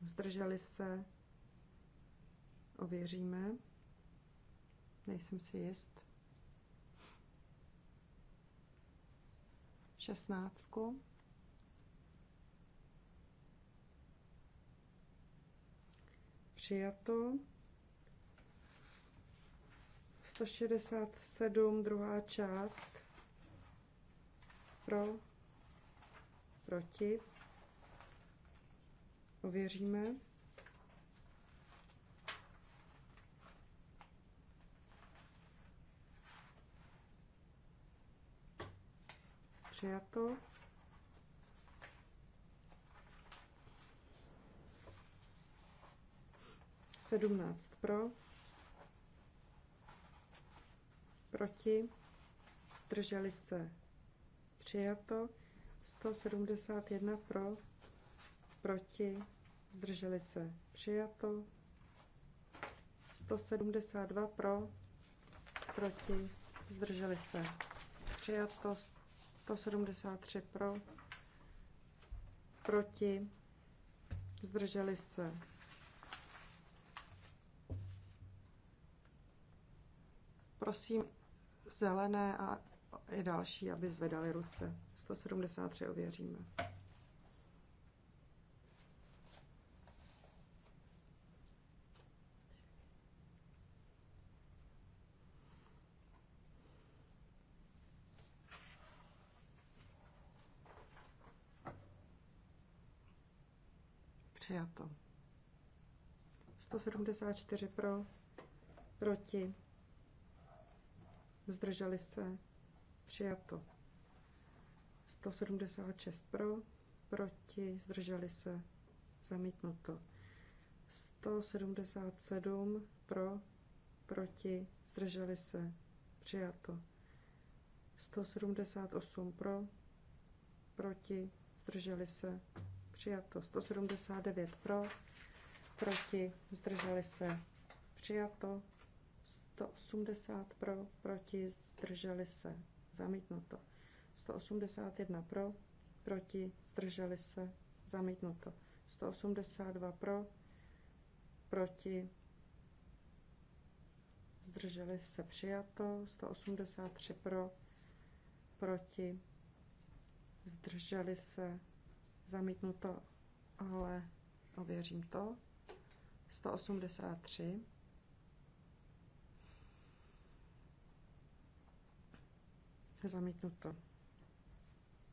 zdrželi se, ověříme. Nejsem si jist. 16. Přijato. 167, druhá část. Pro, proti. Ověříme. Přijato. Sedmnáct pro. Proti. Zdrželi se. Přijato. 171 pro proti, zdrželi se, přijato. 172 pro, proti, zdrželi se, přijato. 173 pro, proti, zdrželi se. Prosím zelené a i další, aby zvedali ruce. 173 ověříme. Přijato. 174 pro, proti, zdrželi se, přijato. 176 pro, proti, zdrželi se, zamítnuto. 177 pro, proti, zdrželi se, přijato. 178 pro, proti, zdrželi se, přijato 179 pro, proti, zdrželi se, přijato 180 pro, proti, zdrželi se, zamítnuto 181 pro, proti, zdrželi se, zamítnuto 182 pro, proti, zdrželi se, přijato 183 pro, proti, zdrželi se, Zamítnuto, ale ověřím to. 183. Zamítnuto.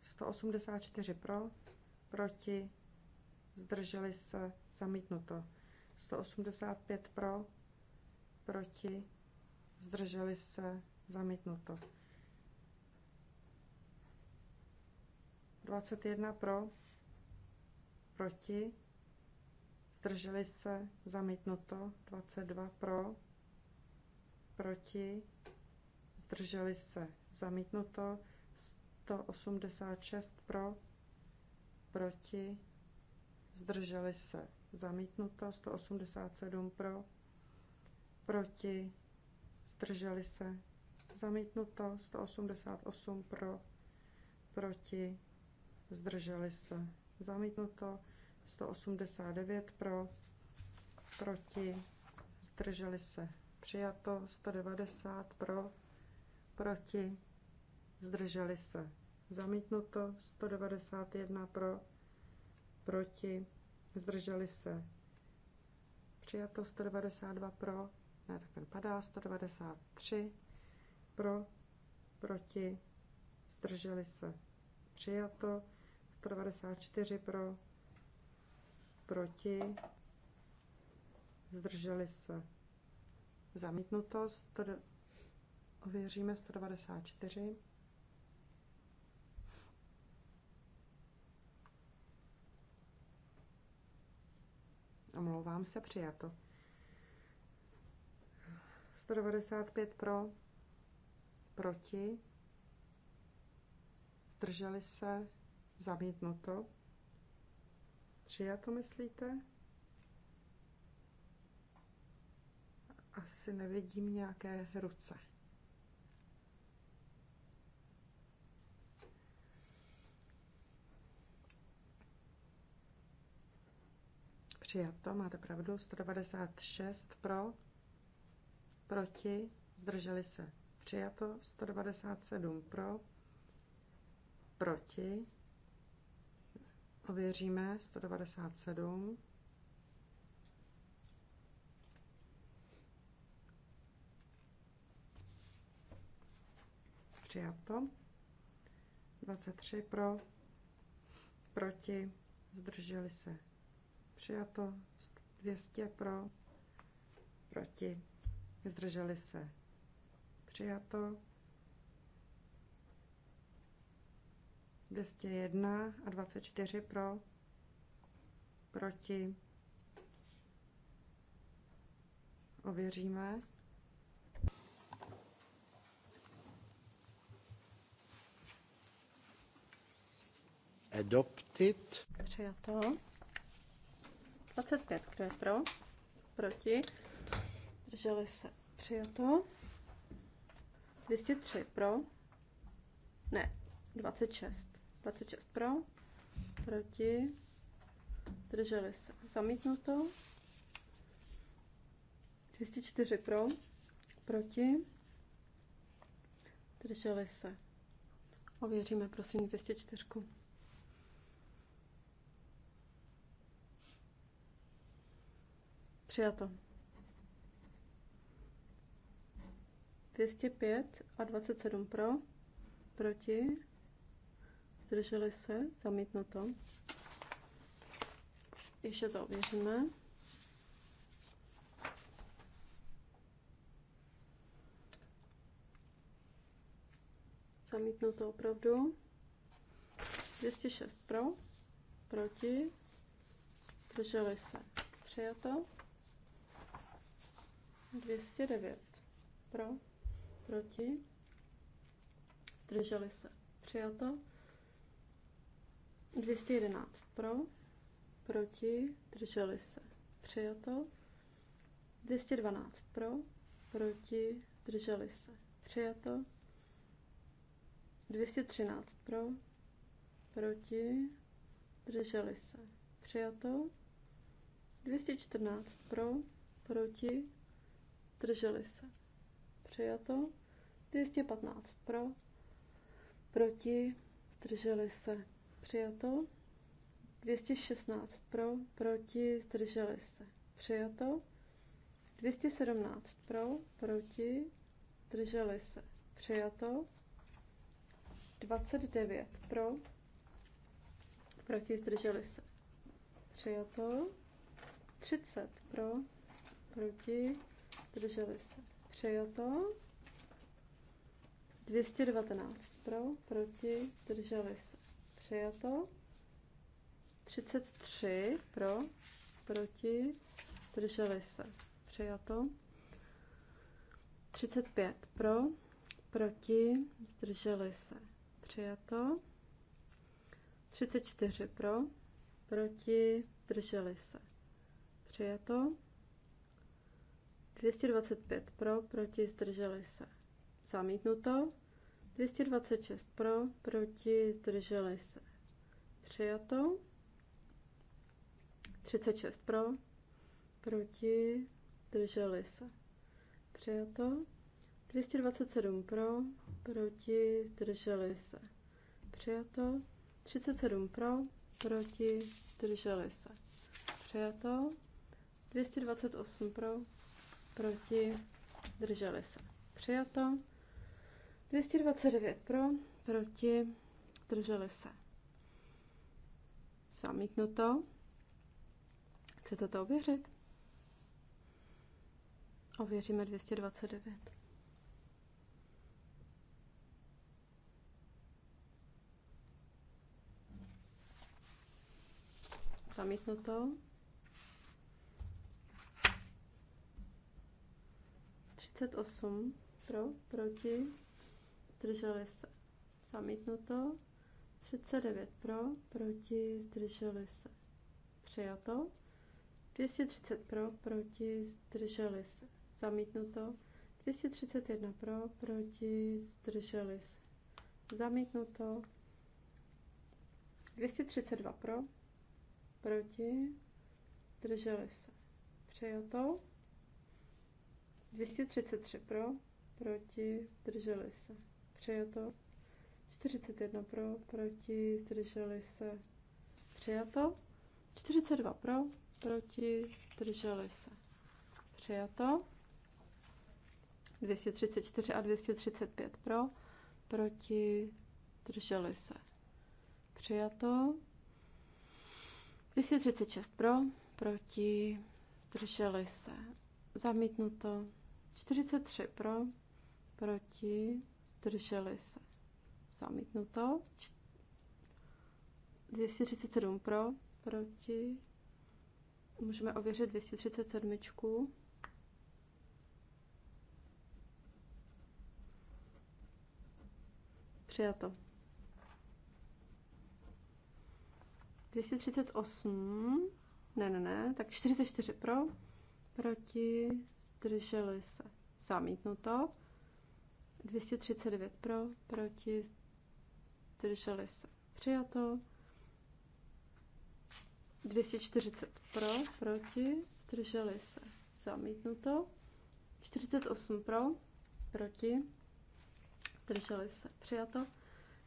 184 pro, proti, zdrželi se, zamítnuto. 185 pro, proti, zdrželi se, zamítnuto. 21 pro, proti, zdrželi se, zamítnuto, 22 pro, proti, zdrželi se, zamítnuto, 186 pro, proti, zdrželi se, zamítnuto, 187 pro, proti, zdrželi se, zamítnuto, 188 pro, proti, zdrželi se, zamítnuto, 189 pro, proti, zdrželi se, přijato, 190 pro, proti, zdrželi se, zamítnuto, 191 pro, proti, zdrželi se, přijato, 192 pro, ne, tak ten padá, 193 pro, proti, zdrželi se, přijato, 194 pro, proti, zdrželi se. Zamítnuto, ověříme 194. Omlouvám se, přijato. 195 pro, proti, zdrželi se, Zamítnuto. Přijato, myslíte? Asi nevidím nějaké ruce. Přijato, máte pravdu, 196 pro, proti, zdrželi se. Přijato, 197 pro, proti, Ověříme 197. Přijato. 23 pro, proti, zdrželi se. Přijato. 200 pro, proti, zdrželi se. Přijato. 201 a 24 pro, proti. Ověříme. Adopted. Přijato. 25, kdo je pro? Proti. Drželi se. Přijato. 203 pro. Ne, 26 26 pro, proti, drželi se zamítnuto. 204 pro, proti, drželi se. Ověříme prosím 204. Přijato. 205 a 27 pro, proti, zdrželi se, to? Ještě to ověříme. to opravdu. 206 pro, proti, zdrželi se, přijato. 209 pro, proti, zdrželi se, přijato. 211 pro, proti, drželi se, přijato. 212 pro, proti, drželi se, přijato. 213 pro, proti, drželi se, přijato. 214 pro, proti, drželi se, přijato. 215 pro, proti, drželi se, přijato. 216 pro, proti, zdrželi se, přijato. 217 pro, proti, zdrželi se, přijato. 29 pro, proti, zdrželi se, přijato. 30 pro, proti, zdrželi se, přijato. 219 pro, proti, zdrželi se, Přijato. 33 pro, proti, zdrželi se. Přijato. 35 pro, proti, zdrželi se. Přijato. 34 pro, proti, zdrželi se. Přijato. 225 pro, proti, zdrželi se. Zamítnuto. 226 pro, proti, zdrželi se. Přijato. 36 pro, proti, zdrželi se. Přijato. 227 pro, proti, zdrželi se. Přijato. 37 pro, proti, zdrželi se. Přijato. 228 pro, proti, zdrželi se. Přijato. 229 pro, proti, drželi se. Zamítnuto. Chcete to ověřit? Ověříme 229. Zamítnuto. 38 pro, proti, zdrželi se. Zamítnuto. 39 pro, proti, zdrželi se. Přijato. 230 pro, proti, zdrželi se. Zamítnuto. 231 pro, proti, zdrželi se. Zamítnuto. 232 pro, proti, zdrželi se. Přijato. 233 pro, proti, zdrželi se přijato. 41 pro, proti, zdrželi se, přijato. 42 pro, proti, zdrželi se, přijato. 234 a 235 pro, proti, zdrželi se, přijato. 236 pro, proti, zdrželi se, zamítnuto. 43 pro, proti, zdrželi se. Zamítnuto. 237 pro, proti. Můžeme ověřit 237. Přijato. 238. Ne, ne, ne. Tak 44 pro, proti. Zdrželi se. Zamítnuto. 239 pro, proti, zdrželi se přijato. 240 pro, proti, zdrželi se zamítnuto. 48 pro, proti, zdrželi se přijato.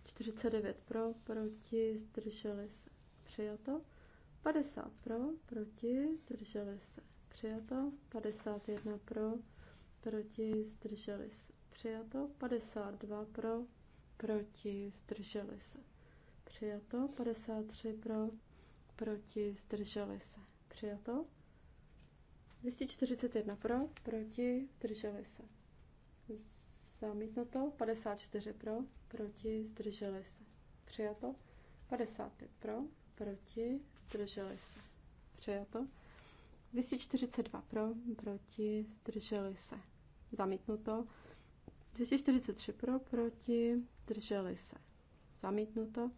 49 pro, proti, zdrželi se přijato. 50 pro, proti, zdrželi se přijato. 51 pro, proti, zdrželi se přijato, 52 pro, proti, zdrželi se. Přijato, 53 pro, proti, zdrželi se. Přijato, 241 pro, proti, zdrželi se. Zamítnuto, 54 pro, proti, zdrželi se. Přijato, 55 pro, proti, zdrželi se. Přijato, 242 pro, proti, zdrželi se. Zamítnuto, 243 pro, proti, zdrželi se. Zamítnuto.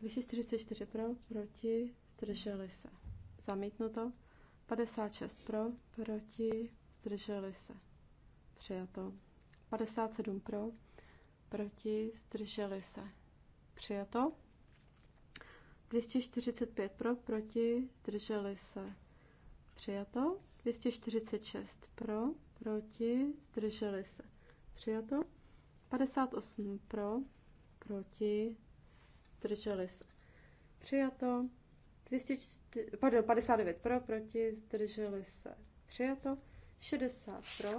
244 pro, proti, zdrželi se. Zamítnuto. 56 pro, proti, zdrželi se. Přijato. 57 pro, proti, zdrželi se. Přijato. 245 pro, proti, zdrželi se. Přijato. 246 pro, proti, zdrželi se Přijato. 58 pro, proti, zdrželi se. Přijato. 204, pardon, 59 pro, proti, zdrželi se. Přijato. 60 pro,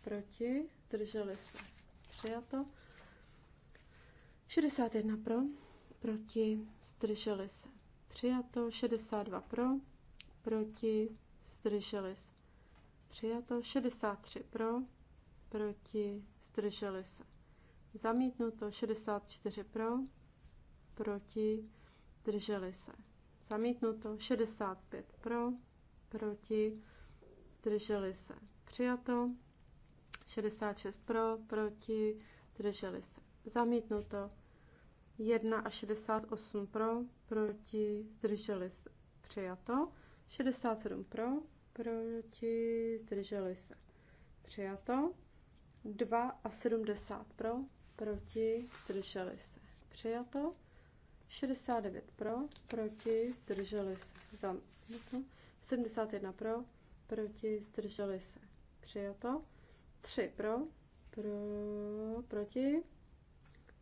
proti, zdrželi se. Přijato. 61 pro, proti, zdrželi se. Přijato. 62 pro, proti, zdrželi se. Přijato. 63 pro, proti, zdrželi se. Zamítnuto 64 pro, proti, zdrželi se. Zamítnuto 65 pro, proti, zdrželi se. Přijato 66 pro, proti, zdrželi se. Zamítnuto 1 a 68 pro, proti, zdrželi se. Přijato 67 pro, proti, zdrželi se. Přijato 2 a 70 pro, proti, zdrželi se. Přijato. 69 pro, proti, zdrželi se. Zamítnuto. 71 pro, proti, zdrželi se. Přijato. 3 pro, pro, proti,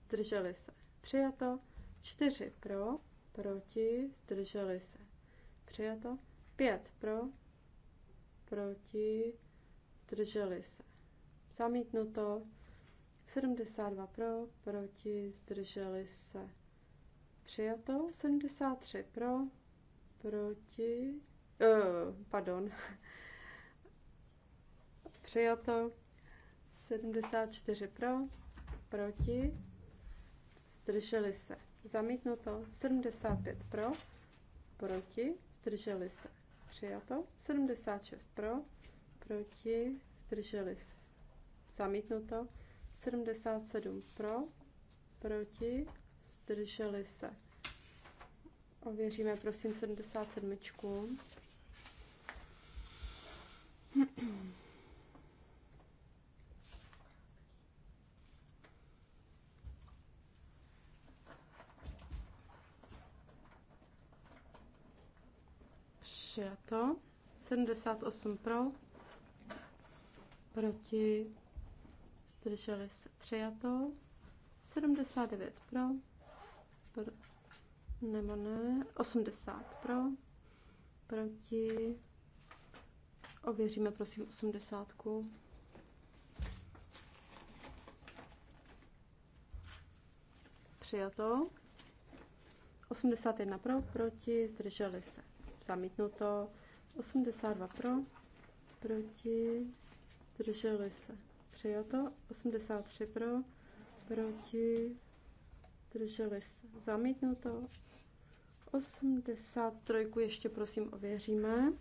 zdrželi se. Přijato. 4 pro, proti, zdrželi se. Přijato. 5 pro, proti, zdrželi se. Zamítnuto. 72 pro, proti, zdrželi se. Přijato. 73 pro, proti, uh, pardon. (laughs) Přijato. 74 pro, proti, zdrželi se. Zamítnuto. 75 pro, proti, zdrželi se. Přijato. 76 pro, proti, zdrželi se zamítnuto, 77 pro, proti, zdrželi se. Ověříme prosím 77. Přijato. 78 pro, proti zdrželi se přijato, 79 pro, pro nebo ne, 80 pro, proti, ověříme prosím 80. -ku. Přijato. 81 pro, proti, zdrželi se. Zamítnuto. 82 pro, proti, zdrželi se přijato, 83 pro, proti, drželi se, zamítnuto, 83 ještě prosím ověříme.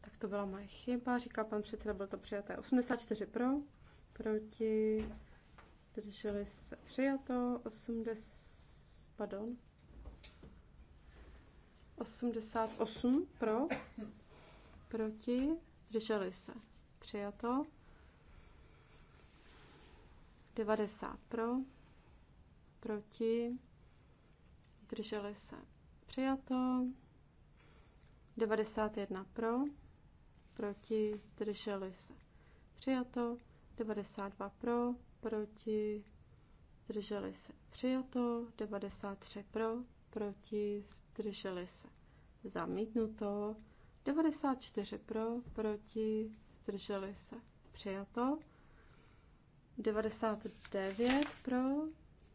Tak to byla moje chyba, říká pan předseda, bylo to přijaté 84 pro, proti, zdrželi se přijato, 80, pardon, 88 pro, proti, zdrželi se, přijato. 90 pro, proti, zdrželi se, přijato. 91 pro, proti, zdrželi se, přijato. 92 pro, proti, zdrželi se, přijato. 93 pro, proti, zdrželi se. Zamítnuto. 94 pro, proti, zdrželi se. Přijato. 99 pro,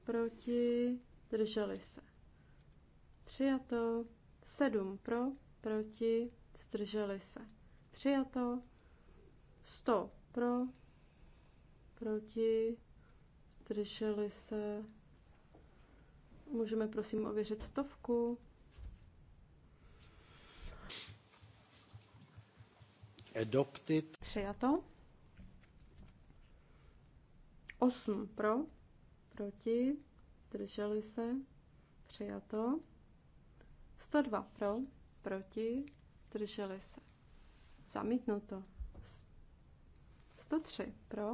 proti, zdrželi se. Přijato. 7 pro, proti, zdrželi se. Přijato. 100 pro, proti, zdrželi se. Můžeme prosím ověřit stovku. Adopted. Přijato. Osm pro, proti, drželi se, přijato. 102 pro, proti, zdrželi se. Zamítnuto. 103 pro,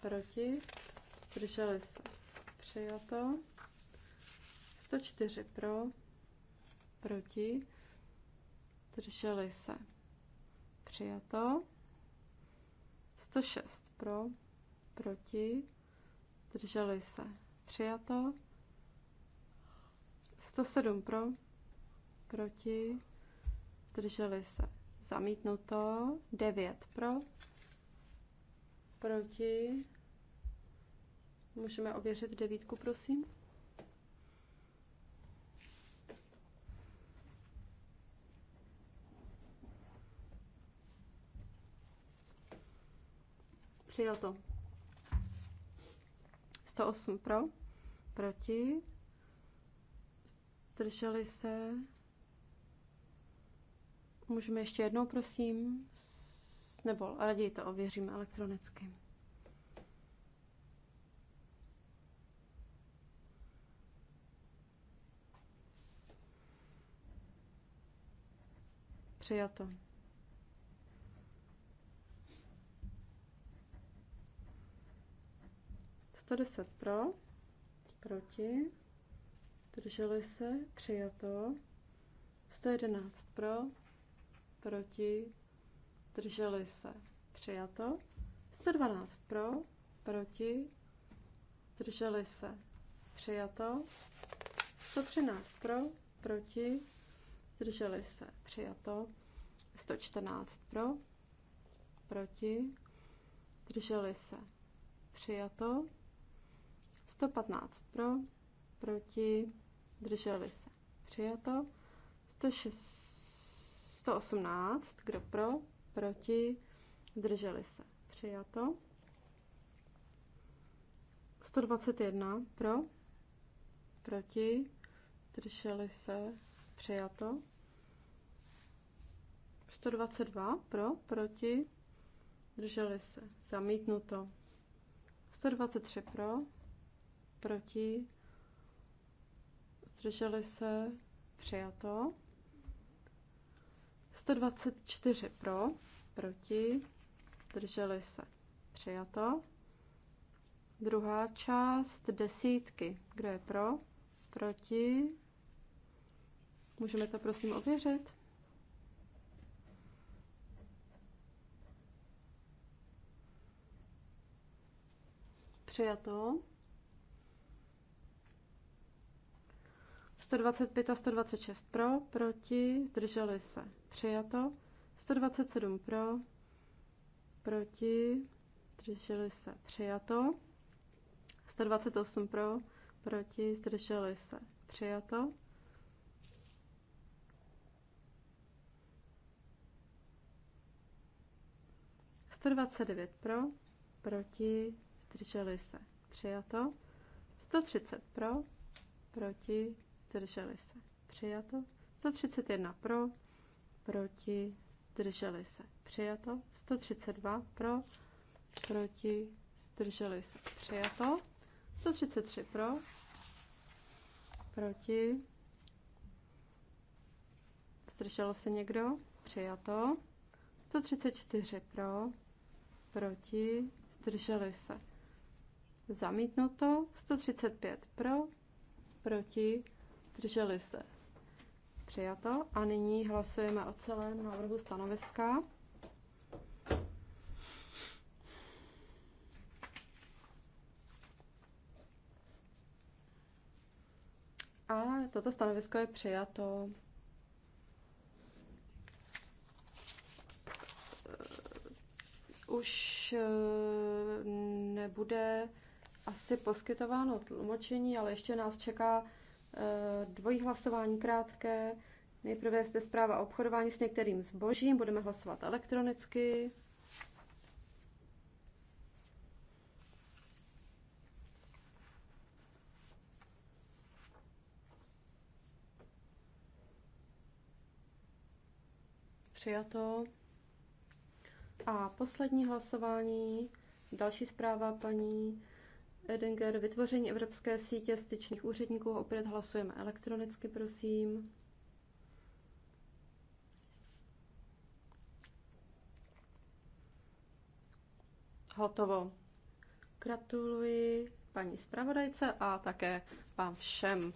proti, zdrželi se. Přijato. 104 pro, proti, drželi se. Přijato. 106 pro, proti, drželi se. Přijato. 107 pro, proti, drželi se. Zamítnuto. 9 pro, proti. Můžeme ověřit devítku, prosím. Přijato. 108 pro, proti, zdrželi se. Můžeme ještě jednou, prosím, nebo raději to ověříme elektronicky. Přijato. 110 pro, proti, drželi se, přijato. 111 pro, proti, drželi se, přijato. 112 pro, proti, drželi se, přijato. 113 pro, proti, drželi se, přijato. 114 pro, proti, drželi se, přijato. 115 pro, proti, drželi se. Přijato. 106, 118, kdo pro, proti, drželi se. Přijato. 121 pro, proti, drželi se, přijato. 122 pro, proti, drželi se, zamítnuto. 123 pro, proti, zdrželi se, přijato. 124 pro, proti, zdrželi se, přijato. Druhá část desítky, kdo je pro, proti, můžeme to prosím ověřit. Přijato. 125 a 126 pro, proti, zdrželi se, přijato. 127 pro, proti, zdrželi se, přijato. 128 pro, proti, zdrželi se, přijato. Sto dvacet devět pro, proti, zdrželi se, přijato. Sto třicet pro, proti, zdrželi se. Přijato. 131 pro, proti, zdrželi se. Přijato. 132 pro, proti, zdrželi se. Přijato. 133 pro, proti, zdrželo se někdo, přijato. 134 pro, proti, zdrželi se. Zamítnuto, 135 pro, proti, zdrželi se. Přijato. A nyní hlasujeme o celém návrhu stanoviska. A toto stanovisko je přijato. Už eh, nebude asi poskytováno tlumočení, ale ještě nás čeká Eh, dvojí hlasování krátké. Nejprve jste zpráva o obchodování s některým zbožím, budeme hlasovat elektronicky. Přijato. A poslední hlasování, další zpráva paní Edinger, vytvoření Evropské sítě styčných úředníků. Opět hlasujeme elektronicky, prosím. Hotovo. Gratuluji paní zpravodajce a také vám všem.